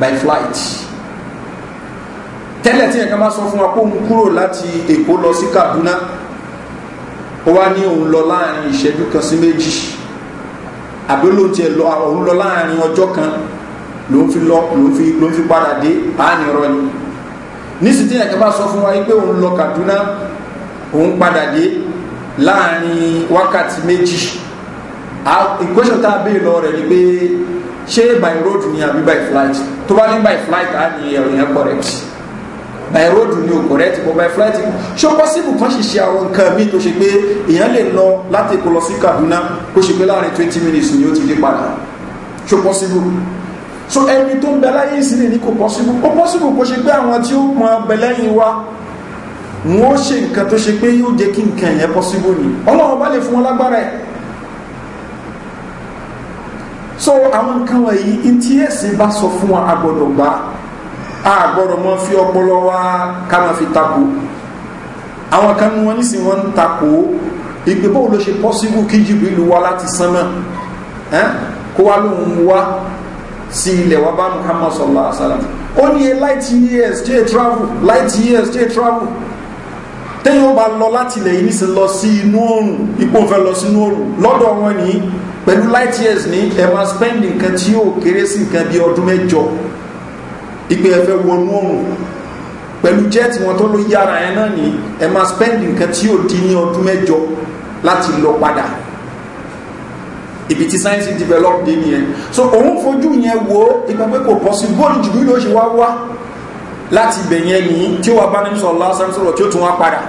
by flight tẹ́lẹ̀ tí ẹ̀ka máa sọ fún wa pé òun kúrò láti èkó lọ sí kaduna ó wá ní òun lọ láàrin ìṣẹ́jú kan sí méjì àbí olóhun tiẹ̀ lọ òun lọ láàrin ọjọ́ kan ló ń fi lọ ló ń fi ló ń fi padà dé àánì rọ ni nísì tí ẹ̀kẹ́ bá sọ fún wa pé òun lọ Kaduna òun padà dé láàrin wákàtí méjì ìkóṣọ́ tá a bèè lọ rẹ̀ ni pé ṣé by road ni àbí by flight tó bá ní by flight á ní ẹ̀rọ correct by road ni o correct but by flight ṣé possible kan ṣiṣẹ́ àwọn nǹkan míì tó ṣe pé èèyàn lè lọ láti Èkó lọ sí Kaduna kó ṣe pé láàrin twenty minutes ni ó ti dé padà ṣé possible so ẹni tó ń bẹ láyé ìsìnlẹ̀ ní kò pọ́síbù ó pọ́síbù kó ṣe pé àwọn tí ó mọ ọbẹ̀ lẹ́yìn wa wọn ó ṣe nǹkan tó ṣe pé yóò jẹ́ kí nǹkan yẹn pọ́síbù ni ọlọ́run bá lè fún wọn lágbára ẹ̀ so àwọn nǹkan wọ̀nyí ntí ẹ̀sìn bá sọ fún wa agbọ́dọ̀ gbá agbọ́dọ̀ mọ́ fi ọpọlọ wa ká máa fi takò àwọn kan ní wọn nísìnyí wọn ń takò ìgbé bóun ló ṣe pọ́síbù kí jìbìlì wá láti sánmà kó wá lóun wá sí ilẹ̀ wa bá muhammad sallallahu alaihi wa sallam ó ní e light years jẹ́ travel light years jẹ́ travel téyàn ó bá lọ láti ilẹ̀ yìí ní sí lọ sí inú oòrùn ipò fẹ́ lọ sínú oòrùn lọ́dọ̀ wọn ní pẹ̀lú light years ní ẹ máa spend nǹkan tí yóò kéré sí nǹkan bí ọdún mẹ́jọ ìpè ẹ fẹ́ wọnú oòrùn pẹ̀lú jet wọn tó ló yára ẹ náà ní ẹ máa spend nǹkan tí yóò dín ní ọdún mẹ́jọ láti lọ padà ibi tí sáyẹ́nsì develop dé nìyẹn so òun fojú yẹn wo ìgbà pé kò pọ̀ sí bóòlù jù bí ló ṣe wá wá láti ibẹ̀ yẹn ní tí ó wà bá ní sọ̀rọ̀ lásán sọ̀rọ̀ tí ó tún wá padà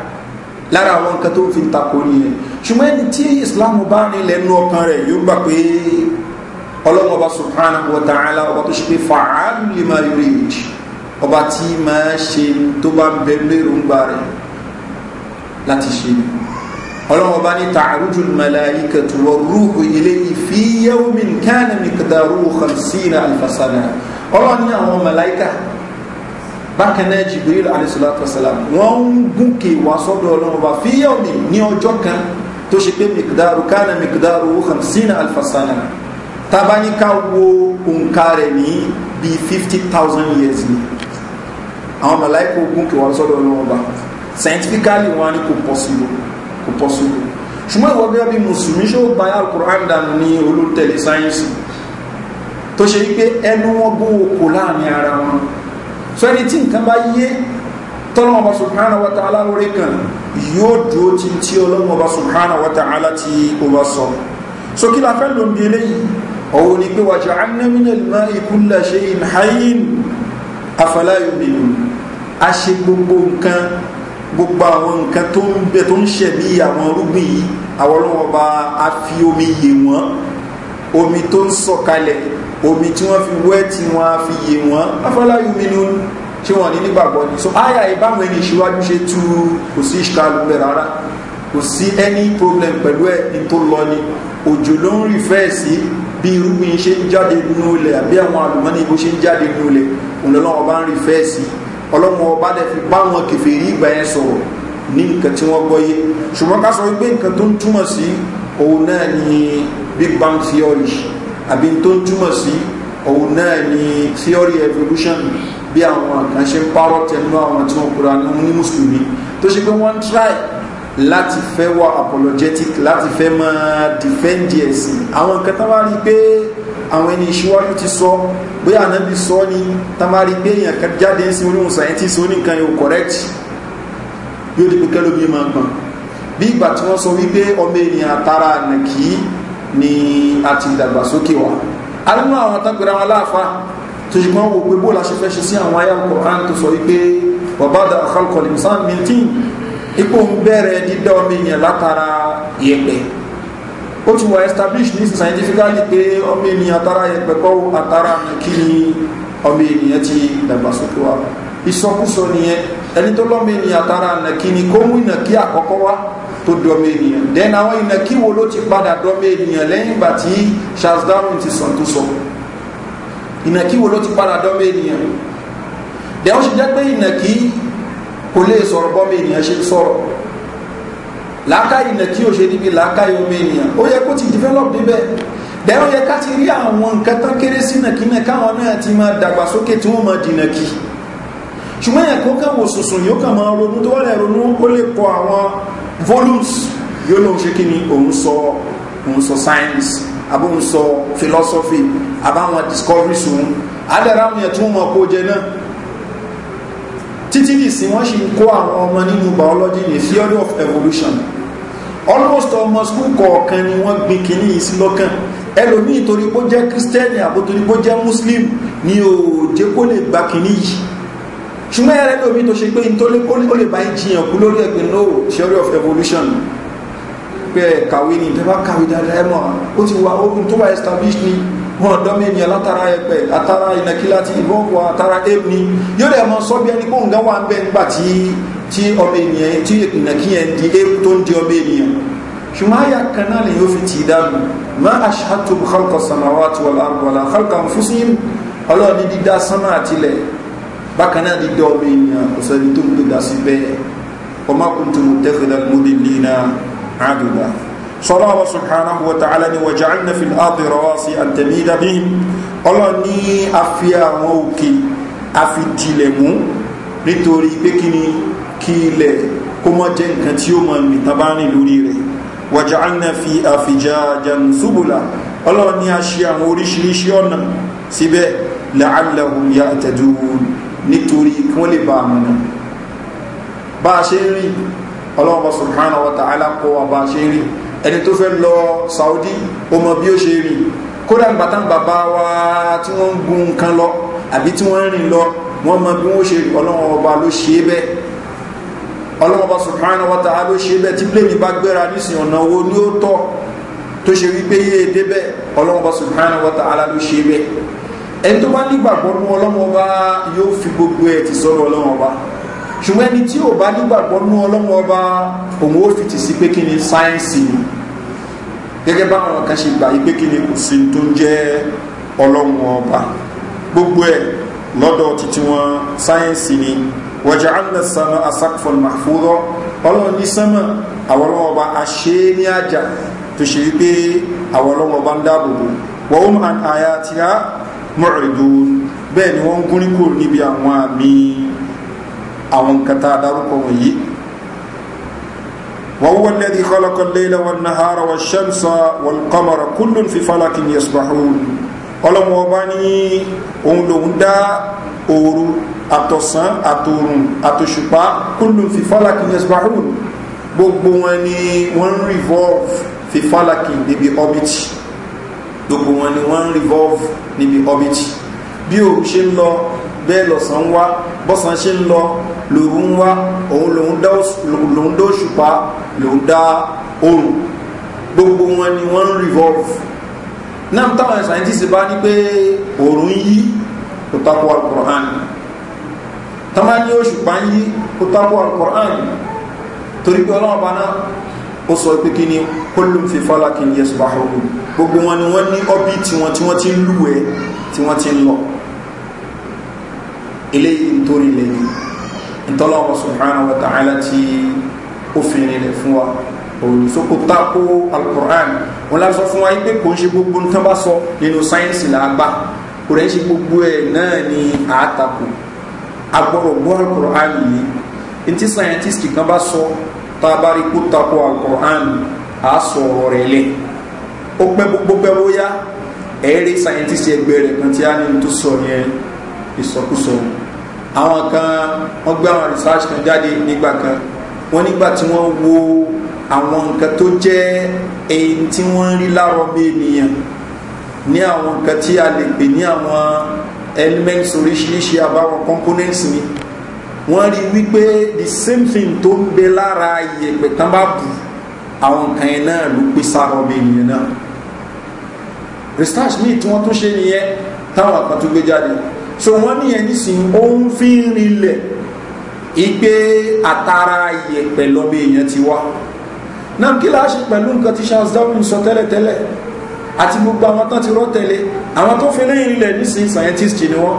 lára àwọn nǹkan tó fi ń takò nìyẹn ṣùgbọ́n ẹni tí islam bá rìn lẹ́nu ọkàn rẹ̀ yóò gbà pé ọlọ́run ọba subhanahu wa ta'ala ọba tó ṣe pé fàálù lè máa rí èjì ọba tí máa ṣe tó bá ń bẹ lérò ń gbà rẹ̀ láti ṣe nìyẹn ọlọ́wọ́ bá ní tààrùjù mẹ́láyíkẹtù wọ rúhù ilé ìfíyẹ́wòmí kánà mìkìdàrú hamsina alfasana ọlọ́wọ́ ní àwọn mẹ́láyíkà bákan náà jibril alayhisalatu wasalam wọ́n ń gúnkè wá sọ́dọ̀ ọlọ́wọ́ bá fíyẹ́wòmí ní ọjọ́ kan tó ṣe pé mìkìdàrú kánà mìkìdàrú hamsina alfasana tabanika wo òǹkà rẹ̀ ní bíi fifty thousand years ni àwọn mẹ́láyíkà gúnkè wá sọ́dọ̀ ọlọ́wọ́ bá scientifically wọ́n á ní kò possible kò pọ́sibú ṣùgbọ́n ìwọ gẹ́gẹ́ bí mùsùlùmí ṣó gba alukur'an dànù ní olùtẹ̀lé sáyẹ́nsì tó ṣe wípé ẹnu wọn bó okò láàrin ara wọn sọ ẹni tí nǹkan bá yé tọ́lọ́mọ ọba subhana wa ta'ala lórí kan yóò dúró tí tí ọlọ́mọ ọba subhana wa ta'ala ti ó bá sọ so kí la fẹ́ ló ń eléyìí ọ̀wọ́ ni pé wàjú anamínà lè máa ikú ńlá ṣe ìhàyín afẹ́láyọ̀ nínú a ṣe gbogbo nǹkan gbogbo àwọn nǹkan tó ń bẹ tó ń ṣẹ̀mí àwọn irúgbìn yìí àwọn ọlọ́wọ́ bá a fi omi yè wọ́n omi tó ń sọ̀kalẹ̀ omi tí wọ́n fi wẹ́ tí wọ́n á fi yè wọ́n afọláyù mi ni ó wọ́n ní nígbàgbọ́ ni so àyà ìbáwọn ẹni ìṣíwájú ṣe tú kò sí ìṣkálù bẹ̀ rárá kò sí any problem pẹ̀lú ẹ̀ ní tó lọ ni òjò ló ń rí fẹ́ sí bí irúgbìn ṣe ń jáde nínú ilẹ̀ àbí àwọn àlùmọ́nì ọlọ́mọ ọba dẹ̀ fi bá wọn kẹfẹ́rí ìgbà yẹn sọ̀rọ̀ ní nǹkan tí wọ́n gbọ́ yé ṣùgbọ́n ká sọ wípé nǹkan tó ń túmọ̀ sí òun náà ni big bang theory àbí tó ń túmọ̀ sí òun náà ni theory evolution bí àwọn kan ṣe ń parọ́ tẹnu àwọn tí wọ́n kura ní mùsùlùmí tó ṣe pé wọ́n ń try láti fẹ́ wà apologetic láti fẹ́ máa defend ẹ̀sìn àwọn nǹkan tó bá rí pé àwọn ẹni ìṣíwájú ti sọ bóyá ànábì sọ ni tamari pé èèyàn kan jáde ń sin oníhùn scientist oníkan yóò correct yóò di pé kẹlómi máa gbọ̀n bí ìgbà tí wọ́n sọ wípé ọmọ ènìyàn àtàrà nàkí ni àti ìdàgbàsókè wa arínú àwọn tágbèrè àwọn aláàfáà tó ṣe kán wo pé bó la ṣe fẹ́ ṣe sí àwọn ayé ọkọ̀ọ̀kan tó sọ wípé wàbádà àkàlùkọ̀lì musamman mintin ipò ń bẹ̀rẹ̀ dídá ọmọ ènìyàn látara yẹ̀pẹ̀ ó ti wà establish ní scientifically pé ọmọ ènìyàn tara yẹpẹkọ àtara kí ni ọmọ ènìyàn ti dàgbàsókè wa ìsọkúsọ nìyẹn ẹni tó lọ́mọ ènìyàn tara nàkí ni kó mú ìnàkí àkọ́kọ́ wá tó dọ́mọ ènìyàn then àwọn ìnàkí wo ló ti padà dọ́mọ ènìyàn lẹ́yìn ìgbà tí charles darwin ti sàn tó sọ ìnàkí wo ló ti padà dọ́mọ ènìyàn then ṣe jẹ́ pé ìnàkí kò lè sọ̀rọ̀ bọ́mọ ènìyàn ṣe sọ̀rọ̀ làákàyè nà tí o ṣe níbi làákàyè omi ènìyàn ó yẹ kó ti develop níbẹ̀ dẹ́ ó yẹ ká ti rí àwọn nǹkan tán kéré sí nàkínà káwọn náà ti máa dàgbàsókè tí wọ́n máa dìnà kì ṣùgbọ́n yẹn kó kàn wò yóò kàn máa ronú tó wọ́n lè ronú ó lè kọ àwọn volumes yóò lóun ṣe kí ni òun sọ òun sọ science àbí òun sọ philosophy àbáwọn discoveries òun àdàrà àwọn yẹn tí wọ́n máa kó jẹ náà títí nìsín wọ́n sì ń kó àwọn ọmọ nínú biology ní theory of evolution almost ọmọ skul kọ̀ọ̀kan ni wọ́n gbin kìíní yìí sí lọ́kàn ẹlòmíì torí bó jẹ́ kírísítẹ́nì àbò torí bó jẹ́ muslim ni ò jẹ́ kó lè gba kìíní yìí ṣùgbọ́n ẹ̀rẹ́ lómi tó ṣe pé n tó lè ó lè bá ń jiyàn kú lórí ẹ̀gbìn no theory of evolution pé kàwé ni ìjọba kàwé dáadáa ẹ̀ mọ̀ ó ti wà ogun tó wà established ni wọn ọ̀dọ́mọ ènìyàn látara ẹ̀pẹ̀ látara ìnàkílá ti ìbọ̀wọ̀ àtara èmi yóò dẹ̀ mọ sọ bí ẹni pé òǹgá wà ń bẹ nígbà tí tí ọmọ ènìyàn tí ìnàkíyàn di èmi tó ń di ọmọ ènìyàn ṣùgbọ́n àyà kan náà lè yóò fi tì í dànù má aṣáàtò khalqa samawati wal ardi la khalqa anfusihim ọlọ́run ní dídá sánmà àtilẹ̀ bákan náà dídá ọmọ ènìyàn kò sẹ́ni tó ń gbé dá sí bẹ́ẹ̀ sọlọ́wọ́ subhanahu wa ta'ala ni wàjá annafi al'adu rọwọ́ sí àtẹ̀mídà bí ọlọ́ni afi àwọn òkè afi tilẹ̀ mú nítorí pé kí ni kí ilẹ̀ kó mọ́ jẹ́ nǹkan tí ó mọ̀ ní tabani lórí rẹ̀ wàjá annafi àfijá jansubula ọlọ́ni a ṣe àwọn oríṣiríṣi ọ̀nà síbẹ̀ la'allahum ya tẹ̀dùn nítorí kí wọ́n lè bá àmọ́nà bá a ṣe ń rí ọlọ́wọ́ subhanahu wa ta'ala kọ́ wa bá a ṣe ń rí ẹni tó fẹ́ lọ saudi ó mọ bí ó ṣe rí kódà gbàtàn bàbá wa tí wọ́n ń gun nǹkan lọ àbí tí wọ́n ń rìn lọ wọ́n mọ bí wọ́n ṣe rí ọlọ́wọ́n ọba ló ṣe é bẹ́ẹ̀ ọlọ́wọ́n ọba subhanahu wa ta'ala ló ṣe é bẹ́ẹ̀ tí plẹ́ẹ̀nì bá gbéra nísìnyí ọ̀nà wo ni ó tọ́ tó ṣe wípé yé e débẹ̀ ọlọ́wọ́n ọba subhanahu wa ta'ala ló ṣe é bẹ́ẹ̀ ẹni tó bá nígbàgbọ́ ṣùgbọ́n ẹni tí ò bá nígbàgbọ́ nú ọlọ́run ọba òun ó fìtì sí pé kí ni sáyẹ́ǹsì ni gẹ́gẹ́ báwọn kan ṣe gbà yí pé kí ni kò sí tó ń jẹ́ ọlọ́run ọba gbogbo ẹ̀ lọ́dọ̀ títí wọn sáyẹ́ǹsì ni wọ́jà ánà sánà asákùfọ̀n màfúrọ́ ọlọ́run ní sánmà àwọn ọlọ́run ọba àṣẹ ní àjà tó ṣe wípé àwọn ọlọ́run ọba ń dáàbòbò wọ́n ó máa àyà tìrá mọ̀rẹ̀dùn bẹ́ẹ̀ ni wọ́n ń gúnríkò níbi àwọn àmì àwọn nǹkan tá a dárúkọ wọ̀nyí wọ́n wọ́n lẹ́dí kọ́lọ́kọ́ lẹ́lẹ́ wọn nahara wọn ṣẹ́msa wọn kọ́mọ̀rọ̀ kúndùn fi falakin yasbahun ọlọ́mọ ọba ní òun lòun dá òru àtọ̀sán àtòrùn àtòṣùpá kúndùn fi falakin yasbahun gbogbo wọn ni wọ́n ń revolve fi falakin níbi orbit gbogbo wọn ni wọ́n ń revolve níbi orbit bí òun ṣe ń lọ bẹ́ẹ̀ lọ̀sán wá bọ́sán ṣe ń lọ lòru ń wá òun lòun dá òṣùpá lòun dá oòrùn gbogbo wọn ni wọ́n ń revolve náà táwọn scientist bá ní pé oòrùn yí kò tako alukur'an tọ́mọ́ ní òṣùpá yí kò tako alukur'an torí pé ọlọ́wọ́ náà ó sọ pé kí ni kólùm fi fọ́lá kí ni yẹ sùpá gbogbo wọn ni wọ́n ní ọ́bí tiwọn tí wọ́n ti ń lúwẹ̀ẹ́ tí wọ́n ti ń lọ eléyìí nítorí lẹ́yìn ntọ́lọ́wọ́ subhanahu wa ta'ala ti òfin rẹ̀ fún wa olùsókò tako alukur'an wọn la sọ fún wa yìí pé kò ń ṣe gbogbo ní tán bá sọ nínú sáyẹ́nsì là á gbà kò rẹ̀ ń ṣe gbogbo ẹ̀ náà ni àátakò agbọ́dọ̀ gbọ́ alukur'an yìí ntí sáyẹ́ntìsì kan bá sọ tá a bá alukur'an a sọ̀rọ̀ rẹ̀ lẹ̀ ó pẹ́ gbogbo pẹ́ bóyá ẹ̀ẹ́rì sáyẹ́ntìsì ẹgbẹ́ rẹ̀ kan tí a ní tó sọ yẹn ìsọkúsọ wọn àwọn kan wọ́n gbé àwọn research kan jáde nígbà kan wọ́n nígbà tí wọ́n wo àwọn nǹkan tó jẹ́ èyí tí wọ́n ń rí láàrọ̀ bí ènìyàn ní àwọn nǹkan tí a lè pè ní àwọn elements oríṣiríṣi àbáwọn components ni wọ́n rí wípé the same thing tó ń bẹ lára iyẹ̀pẹ̀ tán bá bù àwọn nǹkan yẹn náà ló pè sáàrọ̀ bí ènìyàn náà research míì tí wọ́n tún ṣe nìyẹn táwọn kan jáde so wọ́n níyẹn nísìnyí ó ń fi ń rinlẹ̀ ìgbé àtàrà iyẹ̀pẹ̀ lọ́bẹ̀ èèyàn ti wá náà kí láà ṣe pẹ̀lú nǹkan tí charles darwin sọ tẹ́lẹ̀tẹ́lẹ̀ àti gbogbo àwọn tán ti rọ́ tẹ̀lé àwọn tó fi lẹ́yìn rinlẹ̀ nísìnyí scientist ni wọ́n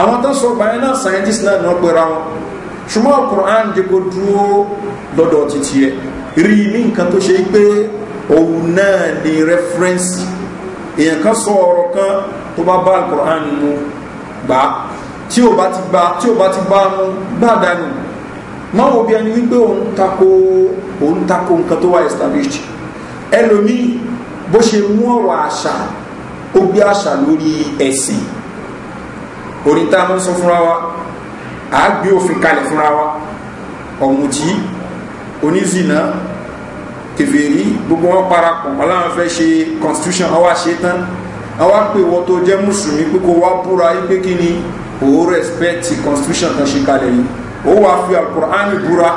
àwọn tán sọ gbàyẹn náà scientist náà náà pera wọn ṣùgbọ́n ọkùnrin àǹdíkò dúró lọ́dọ̀ títí ẹ̀ rí ní nǹkan tó ṣe pé òun náà ni rẹ́fúrẹ́nsì èèyàn kan sọ ọ̀rọ̀ kan tó bá bá alukur'an mu gbà tí ò bá ti gbà tí ò bá ti gbà mú gbàdánù má wo bí ẹni wípé òun tako òun tako nǹkan tó wà established ẹlòmíì bó ṣe mú ọ̀rọ̀ àṣà ó gbé àṣà lórí ẹ̀sìn orí tá a máa ń sọ fúnra wa àá gbé òfin kalẹ̀ fúnra wa ọ̀mùtí onízìnà kẹfẹ́rí gbogbo wọn parapọ̀ wọn láwọn fẹ́ ṣe constitution ọwọ́ àṣetán àwa pè wọ́n tó jẹ́ mùsùlùmí pé kó wá búra yí pé kí ni òun respect constitution kan ṣe kalẹ̀ yìí ó wàá fi alukur'an búra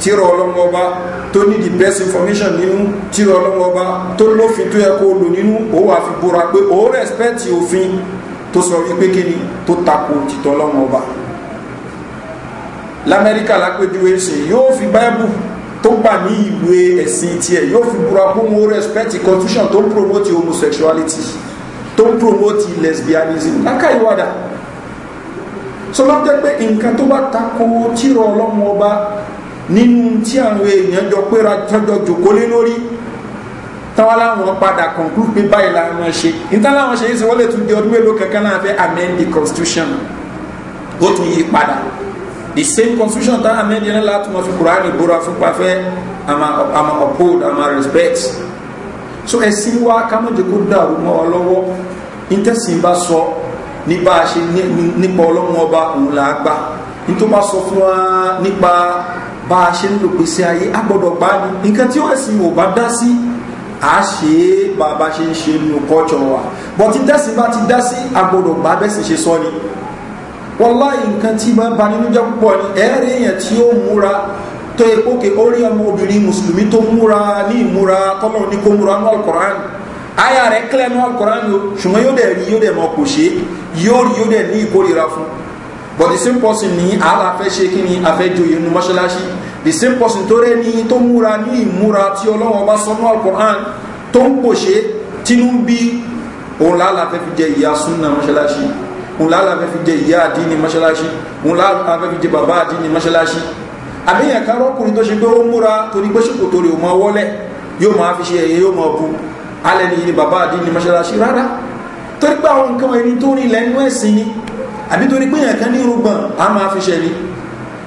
tírọ ọlọ́mọba tó ní the best information nínú tírọ ọlọ́mọba tó lófin tó yẹ kó lò nínú ó wàá fi búra pé òun respect òfin tó sọ wípé kí ni tó tako títọ́ ọlọ́mọba lamẹ́ríkà lápẹ́júwe ṣe yóò fi báíbù tó gbà ní ìwé ẹ̀sìn tiẹ̀ yóò fi búra pé òun respect constitution tó promote homosexuality tó ń promote lesbianism láká ìwádà so ló jẹ́ pé nǹkan tó bá tako tírọ ọlọ́mọ ọba nínú tí àwọn èèyàn jọ péra tọ́jọ jòkó lé lórí táwa láwọn padà conclude pé báyìí làwọn ṣe níta láwọn ṣe yìí sọ wọ́n lè tún di ọdún mélòó kankan náà fẹ́ amend the constitution ó tún yí padà the same constitution tá amend yẹn láti wọn fi kuraani bóra fún pàfẹ́ àmà uphold àmà respect so ẹ̀sìn wa ká má jẹ́ kó dàrú mọ́ ọ lọ́wọ́ nítẹ̀sìn bá sọ nípa ṣe nípa ọlọ́run ọba òun là á gbà nítorí sọ fún wa nípa bá a ṣe ń lò pèsè ayé a gbọ́dọ̀ gbá ni nǹkan tí ó ẹ̀sìn ò bá dá sí a ṣe é bá a bá ṣe ń ṣe nínú kọ́ọ̀tsọ̀ wa bọ́tí tẹ̀sìn ti dá sí a gbọ́dọ̀ gbá bẹ́ẹ̀ sì ṣe sọ ni wọláyé nǹkan tí máa ba nínú jẹ́ púpọ̀ ni ẹ̀ẹ́rẹ́ èèyàn tí ó múra tó yẹ kókè ó rí ọmọ obìnrin mùsùlùmí tó múra ní ìmúra kọ́lọ́run ní kó múra ní alukọ̀rán Aya rẹ̀ kílẹ̀ nú alukoran yìí o ṣùgbọ́n yóò dẹ̀ rí yóò dẹ̀ mọ kò ṣe yóò rí yóò dẹ̀ ní ìkórira fún but the same person ní àlà afẹ́ ṣe kí ni afẹ́ joyè nu mọ́ṣáláṣí the same person tó rẹ́ ní tó múra ní ìmúra tí ọlọ́wọ́n bá sọ nú alukoran tó ń kò ṣe tínú bí òun làálà fẹ́ fi jẹ ìyá súnà mọ́ṣáláṣí òun làálà fẹ́ fi jẹ ìyá àdínì mọ́ṣáláṣí òun làálà fẹ́ fi jẹ bàbá àdínì mọ́ṣáláṣí àbíyàn kan rọ́kùnrin tó ṣe pé ó múra torí pé ṣòkòtò rẹ̀ ò mọ wọ́lẹ̀ yóò máa fi ṣe ẹ̀yẹ yóò máa bu alẹ́ nìyí ni bàbá àdín ni mọ́ṣáláṣí rárá torí pé àwọn nǹkan ẹni tó ní ilẹ̀ inú ẹ̀sìn ni àbí torí pé èèyàn kan ní irúgbọ̀n á máa fi ṣe ni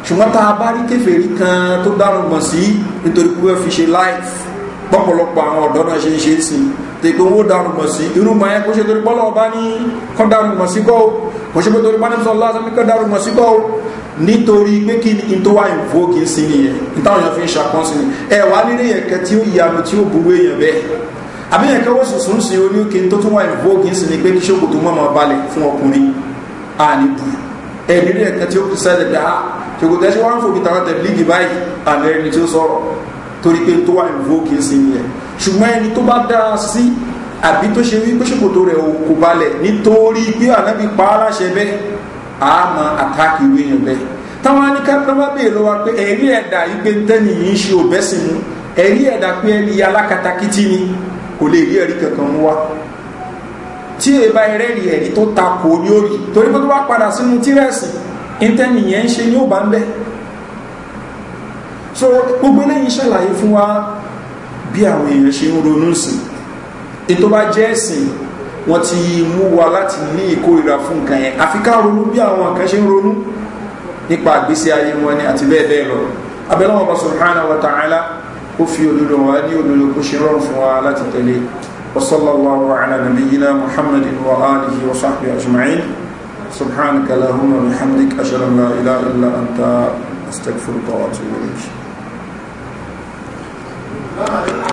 ṣùgbọ́n tá a bá rí kèfèrí kan tó dárúgbọ̀n sí nítorí pé wọ́n fi ṣe láìf pọ̀pọ̀lọpọ̀ àwọn ọ̀dọ́ náà ṣe ń ṣe é sí tèpé owó dárúgbọ̀n sí irúgbọ̀n yẹn kó ṣe torí pọ́lọ́ ọba ní kọ́ dárúgbọ̀n sí kọ́ kò ṣe pé torí pọ́lọ́ ọba ní lásán kọ́ dárúgbọ̀n sí kọ́ nítorí pé kí ni tó wá ìfò kì í sí nìyẹn nítawọn èèyàn fi ń ṣàkóso ẹ wà nílé yẹn kẹ tí ó yanu tí ó burú èèyàn bẹ́ẹ̀ àbí yẹn kẹwọ́ sùsùn sí oní òkè tó tún wà ìvóògì ń sì ni pé kí ṣòkòtò mọ́ ọmọ balẹ̀ fún ọkùnrin àní bu ẹ̀rí rẹ̀ kan tí ó kù sẹ́lẹ̀ pé a ah, ṣòkòtò ẹṣẹ́ wọn fòkì tàwọn tẹ̀lé lígì báyìí àmì ẹni tí ó sọ̀rọ̀ torí pé tó wà ìvóògì ń sì ni yẹn ṣùgbọ́n ẹni tó bá dára sí àbí tó ṣe wípé ṣòkòtò rẹ̀ kò balẹ̀ nítorí pé ànábì pa á láṣẹ bẹ́ẹ̀ ẹ̀rí ẹ̀dà pé ẹni alákatakítí ni kò lè rí ẹ̀rí kankan mú wá tí èèbá ẹrẹ́rì ẹ̀rí tó takò ní orí torí pé tó bá padà sínú tírẹ̀sì intanet yẹn ń ṣe ní ò ń bẹ́ so gbogbo eléyìí ṣàlàyé fún wa bí àwọn èèyàn ṣe ń ronú sí ètò bá jẹ́ ẹ̀sìn wọ́n ti mú wa láti ní ìkórira fún nǹkan yẹn àfi ká ronú bí àwọn nǹkan ṣe ń ronú nípa àgbésí ayé wọn ni àti bẹ́ẹ̀ bẹ́ẹ̀ lọ abẹ́lẹ́wọ̀n bá subhanahu wa ta'ala كفي fi òdodo wá ní òdodo kó ṣe rọrùn fún wa láti وصلي الله على نبينا محمد وآله وصحبه أجمعين سبحانك اللهم وبحمدك أشهد أن لا إله إلا أنت أستغفرك وأتوب إليك